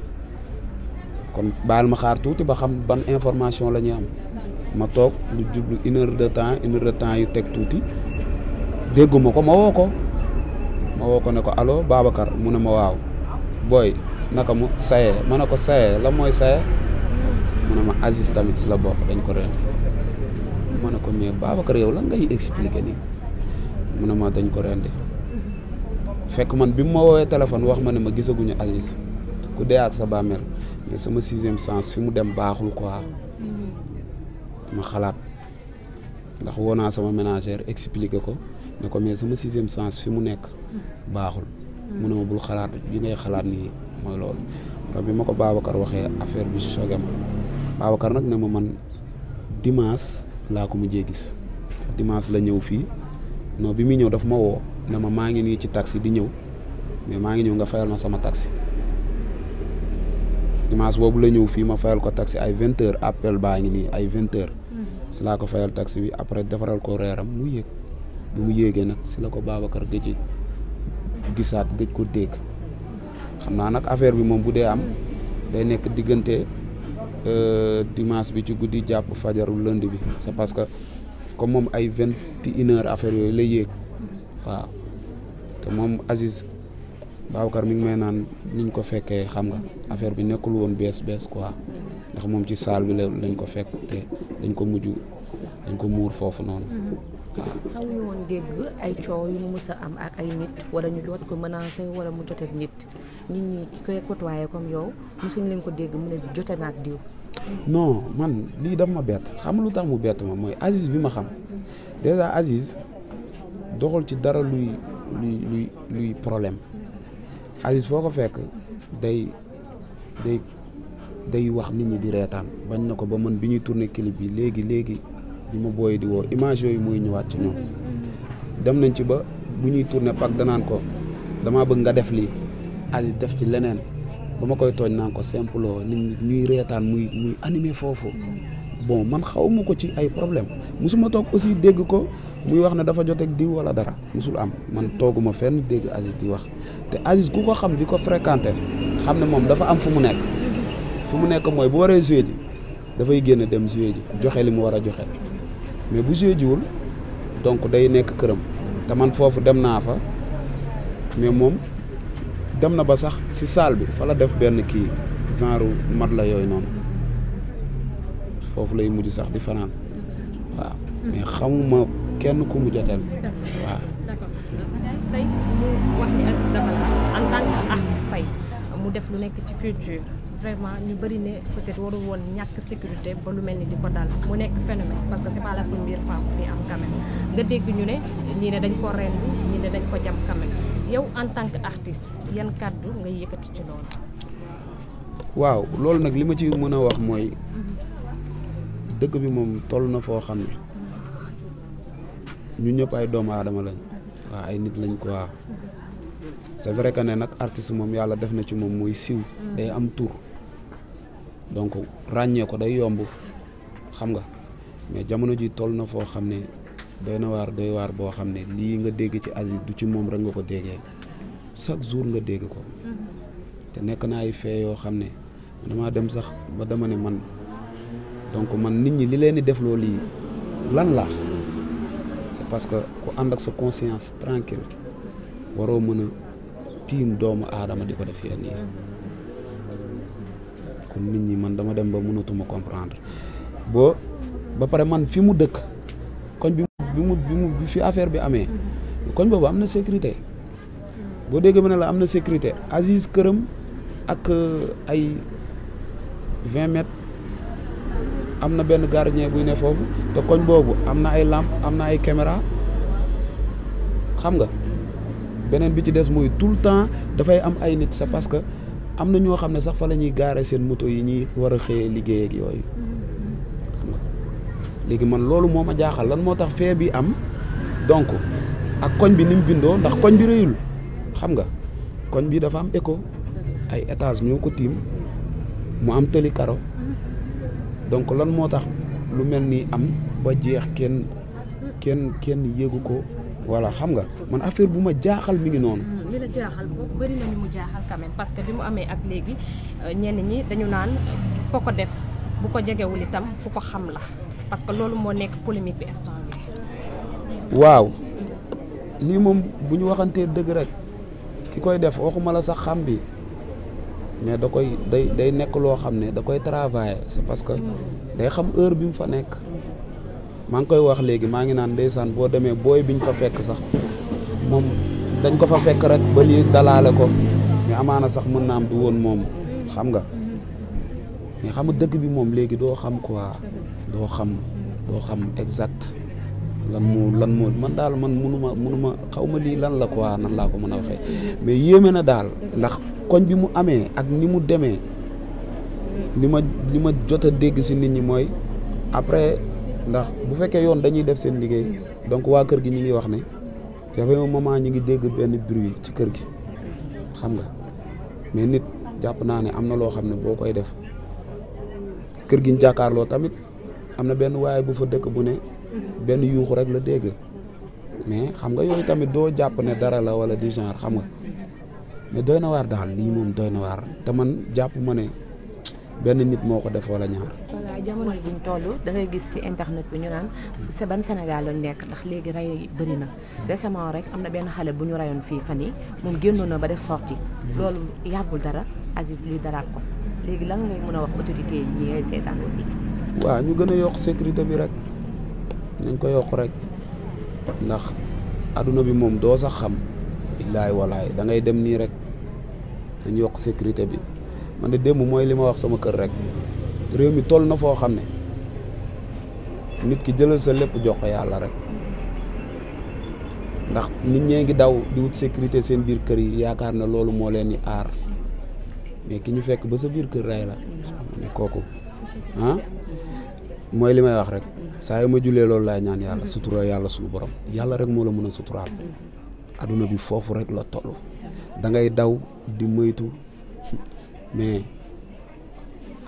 [SPEAKER 16] kon baal ma xaar tuuti ba xam ban information la ñuy am ma toog lu jublu une heure de temps une heure de temps yu teg tuuti dégguma ko ma woo ko ma woo ko ne ko allo Babacar mu ne ma waaw booy naka mu sayee ma ne ko sayee la mooy sayee mu ne ma Aziz tamit si la bokk dañ ko rendi ma ne ko mais Babacar yow lan ngay expliquer nii mu ne ma dañ ko rendi fekk man bi mu ma woowee téléphone wax ma ne ma gisaguñu Aziz ku dee ak sa bàmmeel mais sama sixième sens fi mu dem baaxul quoi ma xalaat ndax woo naa sama ménagère expliquer ko ne ko mais sama sixième sens fi mu nekk baaxul mu ne ma bul xalaat bi ngay xalaat nii mooy loolu bi ma ko Babacar waxee affaire bi choqué ma Babacar nag ne ma man dimanche laa ko mujjee gis dimanche la ñëw fii non bi muy ñëw dafa ma woo ne ma maa ngi nii ci taxi di ñëw mais maa ngi ñëw nga fayal ma sama taxi dimanche boobu la ñëw fii ma fayal ko taxi ay vingt heures appel baa ngi nii ay vingt si laa ko fayal taxi bi après defaral ko reeram mu yéeg bi mu yéegee nag si la ko Babacar gëj gisaat gëj ko dégg xam naa nag affaire bi moom bu dee am day nekk diggante euh, dimanche bi ci guddi jàpp fajaru lënd bi c'est parce que comme moom ay vingt ti une heures affaire yooyu lay yéeg waaw te moom Aziz Babacar mi ngi may naan niñ ko fekkee xam nga affaire bi nekkul woon bees bees quoi ndax moom ci saal bi la lañ ko fekk te dañ ko mujj dañ ko muur foofu noonu.
[SPEAKER 14] Mm-hmm. waaw xaw ñu dégg ay coow yu mu mës am ay nit wala ñu jot ko menacé wala mu jotee nit nit ñi koy côtoyé comme yow mosuñ leen ko dégg mu ne jote naag diw.
[SPEAKER 16] non man lii daf ma bett xam lu tax mu bett ma mooy Aziz bi ma xam mm-hmm. déjà Aziz. doxal ci dara luy luy luy luy problème Aziz foo ko fekk day day day wax nit ñi di reetaan bañ na ko ba mën bi ñuy tourner clip bi léegi léegi bi ma booyee di woo image yi muy ñëwaat ci ñoom dem nañ ci ba bu ñuy tourner pak danaan ko damaa bëgg nga def lii Aziz def ci leneen ba ma koy tooñ naan ko simple nit ñi ñuy reetaan muy muy animé foofu bon man xawma ko ci ay problème musuma toog aussi dégg ko muy wax ne dafa joteeg diw wala dara musul am man tooguma fenn dégg Aziz di wax te Aziz ku ko xam di ko fréquenté xam ne moom dafa am fu mu nekk fu mu nekk mooy bu waree joué ji dafay génn dem joué ji joxe li mu war a joxe mais bu joué jiwul donc day nekk këram te man foofu dem naa fa mais moom dem na ba sax si salle bi fa la def benn kii genre mat la yooyu noonu foofu lay mujj sax di fanaan waaw mais xamuma kenn ku mu jotal
[SPEAKER 14] waaw tey mu wax ni Aziz Dabala en tant que artiste mu def lu nekk ci culture vraiment ñu bari ne peut-être waru woon ñàkk sécurité ba lu mel ni di ko dal mu nekk phénomène parce que c'est pas la première fois am quand nga dégg ñu ne ñii ne dañ ko rend ñii ne dañ ko jam quand yow en tant que artiste yan kàddu nga yëkkati ci loolu
[SPEAKER 16] waaw loolu nag li ma ci mën a wax mooy mhm. dëgg bi moom tollu na foo xam ne ñu ñëpp ay doomu aadama lañ waaw ay nit lañ quoi c'est vrai que ne nag artiste moom yàlla def na ci moom muy siw day am tur donc ràññee ko day yomb xam nga mais jamono ji toll na foo xam ne day na waar day waar boo xam ne lii nga dégg ci Aziz du ci moom rek nga ko déggee chaque jour nga dégg ko te nekk na ay fee yoo xam ne damaa dem sax ba dama ne man donc man nit ñi li leen di def loolu lii lan la parce que ku ànd ak sa conscience tranquille waroo mën a tiim doomu aadama di ko def yenn yi kon nit ñi man dama dem ba mënatuma comprendre boo ba pare man fi mu dëkk koñ bi mu bi fi affaire bi amee koñ boobu am na sécurité boo déggee ma ne la am na sécurité Aziz këram ak euh, ay vingt mètres am na benn gardien buy ne foofu te koñ boobu am na ay làmp am na ay caméra xam nga beneen bi ci des muy tout le temps dafay am ay nit c'est parce que am na ñoo xam ne sax fa la ñuy gaare seen moto yi ñuy war a xëyee liggéey yooyu léegi man loolu moo ma jaaxal lan moo tax fee bi am donc ak koñ bi ni mu bindoo ndax koñ bi rëyul xam nga koñ bi dafa am écho ay étage ñoo ko tiim mu am tëli karo donc lan moo tax lu mel ni am ba jeex kenn kenn kenn yéegu ko voilà xam nga man affaire bu ma jaaxal mi ngi noonu.
[SPEAKER 14] Hmm, li la jaaxal boobu bëri mu jaaxal quand même parce que bi mu amee ak léegi euh, ñenn ñi dañu naan ko ko def bu ko jegewul itam ku ko xam la parce que loolu moo nekk polémique bi instant waaw
[SPEAKER 16] lii moom bu ñu waxantee dëgg rek ki koy def waxuma la sax xam bi. mais da koy day day nekk loo xam ne da koy travailler c'est parce que day xam heure bi mu fa nekk maa ngi koy wax léegi maa ngi naan ndeysaan boo demee booy biñ fa fekk sax moom dañ ko fa fekk rek ba lii dalaale ko mais amaana sax mën naa am du woon moom xam nga mais xam dëgg bi moom léegi doo xam quoi doo xam doo xam exact lan moo lan moo man daal man munu ma munu xaw ma lii lan la ko waa nan laa ko mën a waxee mais yéeme na daal ndax koñ bi mu amee ak ni mu demee li ma li ma jot a dégg si nit ñi mooy après ndax bu fekkee yoon dañuy def seen liggéey donc waa kër gi ñu ngi wax ne y avait un moment ñu ngi dégg benn bruit ci kër gi xam nga mais nit jàpp naa ne am na loo xam ne boo koy def kër gi ñu jàkkaarloo tamit am na benn waaye bu fa dëkk bu ne. benn yuuxu rek la dégg mais xam nga yooyu tamit doo jàpp ne dara la wala di genre xam nga mais doy na waar daal lii moom doy na waar te man jàpp ma ne benn nit moo ko def wala ñaar.
[SPEAKER 14] voilà jamono bi ñu toll da ngay gis ci internet bi ñu naan sa ban Sénégal lañ nekk ndax léegi rey bëri na récemment rek am na benn xale bu ñu rayoon fii fan yi moom génnoon na ba def sorti loolu yàggul dara Aziz lii daraat ko léegi lan ngay mën a wax autorité yi ngay seetaan aussi.
[SPEAKER 16] waaw ñu gën a yokk sécurité bi rek. nañ ko yokk rek ndax adduna bi moom doo sax xam billaay wallaay da ngay dem nii rek dañ yokk sécurité bi man de démb mooy li ma wax sama kër rek réew mi toll na foo xam ne nit ki jëlal sa lépp jox ko yàlla rek ndax nit ñee ngi daw di wut sécurité seen biir kër yi yaakaar na loolu moo leen di aar mais ki ñu fekk ba sa biir kër rey la ne kooku ah mooy li may wax rek saa yu ma julee loolu laay ñaan yàlla sutura yàlla suñu borom yàlla rek moo la mën a suturaal aduna bi foofu rek la toll da ngay daw di moytu mais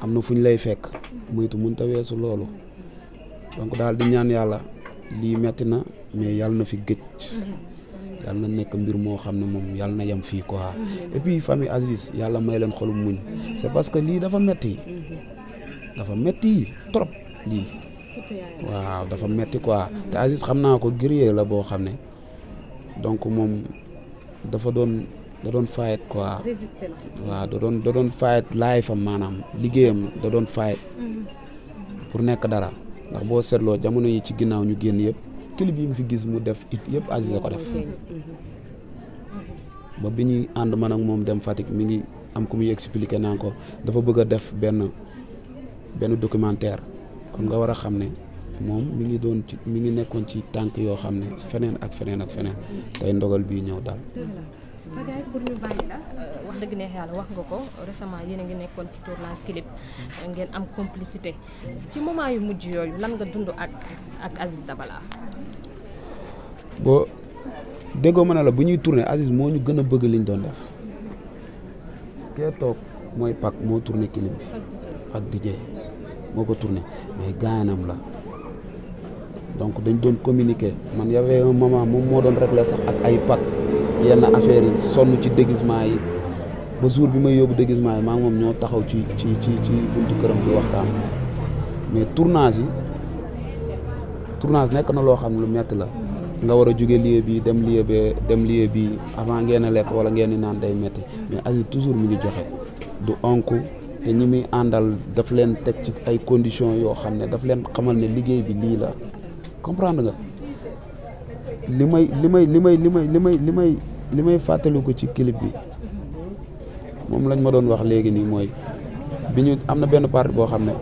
[SPEAKER 16] am na fu ñu lay fekk moytu muñ a weesu loolu donc daal di ñaan yàlla lii metti na mais yàlla na fi gëj yàlla na nekk mbir moo xam ne moom yàlla na yem fii quoi et puis famille Aziz yàlla may leen xolum muñ c'est parce que lii dafa metti dafa metti trop lii waaw dafa metti quoi te Aziz xam naa ko guerrier la boo xam ne donc moom dafa doon da doon fight quoi waaw da doon da doon fight life am maanaam liggéeyam da doon fight mm-hmm. pour nekk dara ndax boo seetloo jamono yi ci ginnaaw ñu génn yëpp clip mu fi gis mu def it yëpp Aziz a ko def mm-hmm. ba bi ñuy ànd man ak moom dem Fatick mi ngi am ku muy expliqué naa ko dafa bëgg a def benn benn documentaire kon nga war a xam ne moom mi ngi doon ci mi ngi nekkoon ci tànk yoo xam ne feneen ak feneen ak feneen tey ndogal bii ñëw daal.
[SPEAKER 14] Pagaye pour euh, wax nga ko récemment yéen a ngi nekkoon ci tournage clip ngeen am complicité ci moment yu mujj yooyu lan nga dund ak ak Aziz
[SPEAKER 16] boo déggoo ma ne la bu ñuy tourné Aziz moo ñu gën a bëgg liñ doon def kee toog mooy Pac moo tourné clip bi Pac DJ. moo ko tourné mais gaanam la donc dañ doon communiquer man y avait un moment moom moo doon réglé sax ak ay pat yenn affaires yi sonn ci déguisement yi ba jour bi may yóbbu déguisement yi maa moom ñoo taxaw ci ci ci ci buntu këram di waxtaan mais tournage yi tournage nekk na loo xam lu metti la nga war a jóge lieu bi dem lieu bi dem lieu bi avant ngeen a lekk wala ngeen naan day metti mais Aziz toujours mu ngi joxe du onk te ñi muy àndal daf leen teg ci ay conditions yoo xam ne daf leen xamal ne liggéey bi lii la comprendre nga li may li may li may li may li may li may li may fàttali ci clip bi moom lañ ma doon wax léegi nii mooy bi ñu am na benn partie boo xam ne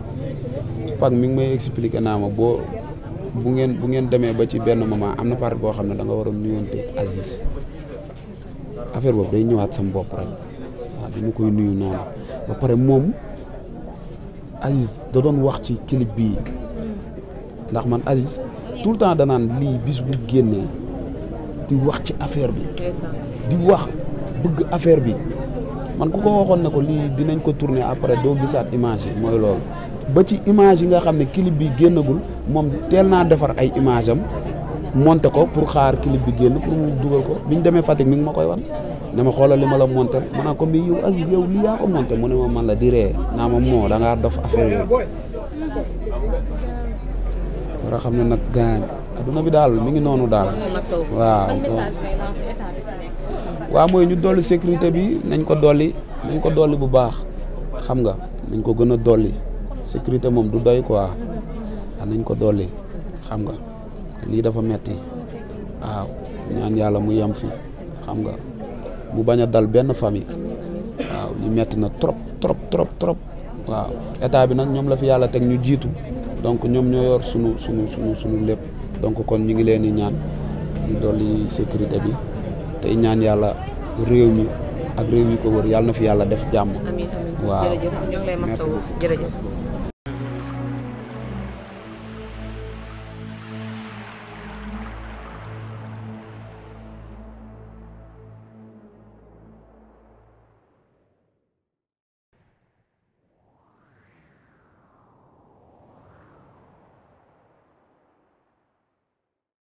[SPEAKER 16] Pac mi ngi may expliquer naa ma boo bu ngeen bu ngeen demee ba ci benn moment am na partie boo xam ne danga nga waroon nuyonte Aziz affaire boobu day ñëwaat sama bopp rek waaw dama koy nuyu noonu. ba pare moom Aziz da doon wax ci clip bii ndax man Aziz tout le temps danaan lii bis bu génnee di wax ci affaire bi di wax bëgg affaire bi man ku ko waxoon ne ko lii dinañ ko tourner après doo gisaat image mooy loolu ba ci image yi nga xam ne clip bi génnagul moom teel naa defar ay image moonte ko pour xaar clip bi génn pour mu dugal ko bi ñu demee Fatick mi ngi ma koy wan
[SPEAKER 5] ne xoolal li ma la monté ma ne ko
[SPEAKER 16] mu ne ma man la di ree naa ma moo da dof affaire yooyu. war xam ne nag gaañ adduna bi daal mi ngi noonu daal.
[SPEAKER 5] waaw mooy
[SPEAKER 16] ñu dolli sécurité bi nañ ko dolli nañ ko dolli bu baax xam nga nañ ko gën a dolli sécurité moom du doy quoi nañ ko dolli xam nga lii dafa metti waaw ñaan yàlla mu yem fi xam nga. bu bañ a dal benn famille waaw ñu metti na trop trop trop trop waaw état bi nag ñoom la fi yàlla teg ñu jiitu donc ñoom ñoo yor sunu sunu sunu sunu lépp donc kon ñu ngi leen di ñaan ñu dolli sécurité bi tey ñaan yàlla réew mi ak réew yi ko wër yàlla na fi yàlla def jàmm. waaw jërëjëf
[SPEAKER 5] ñoo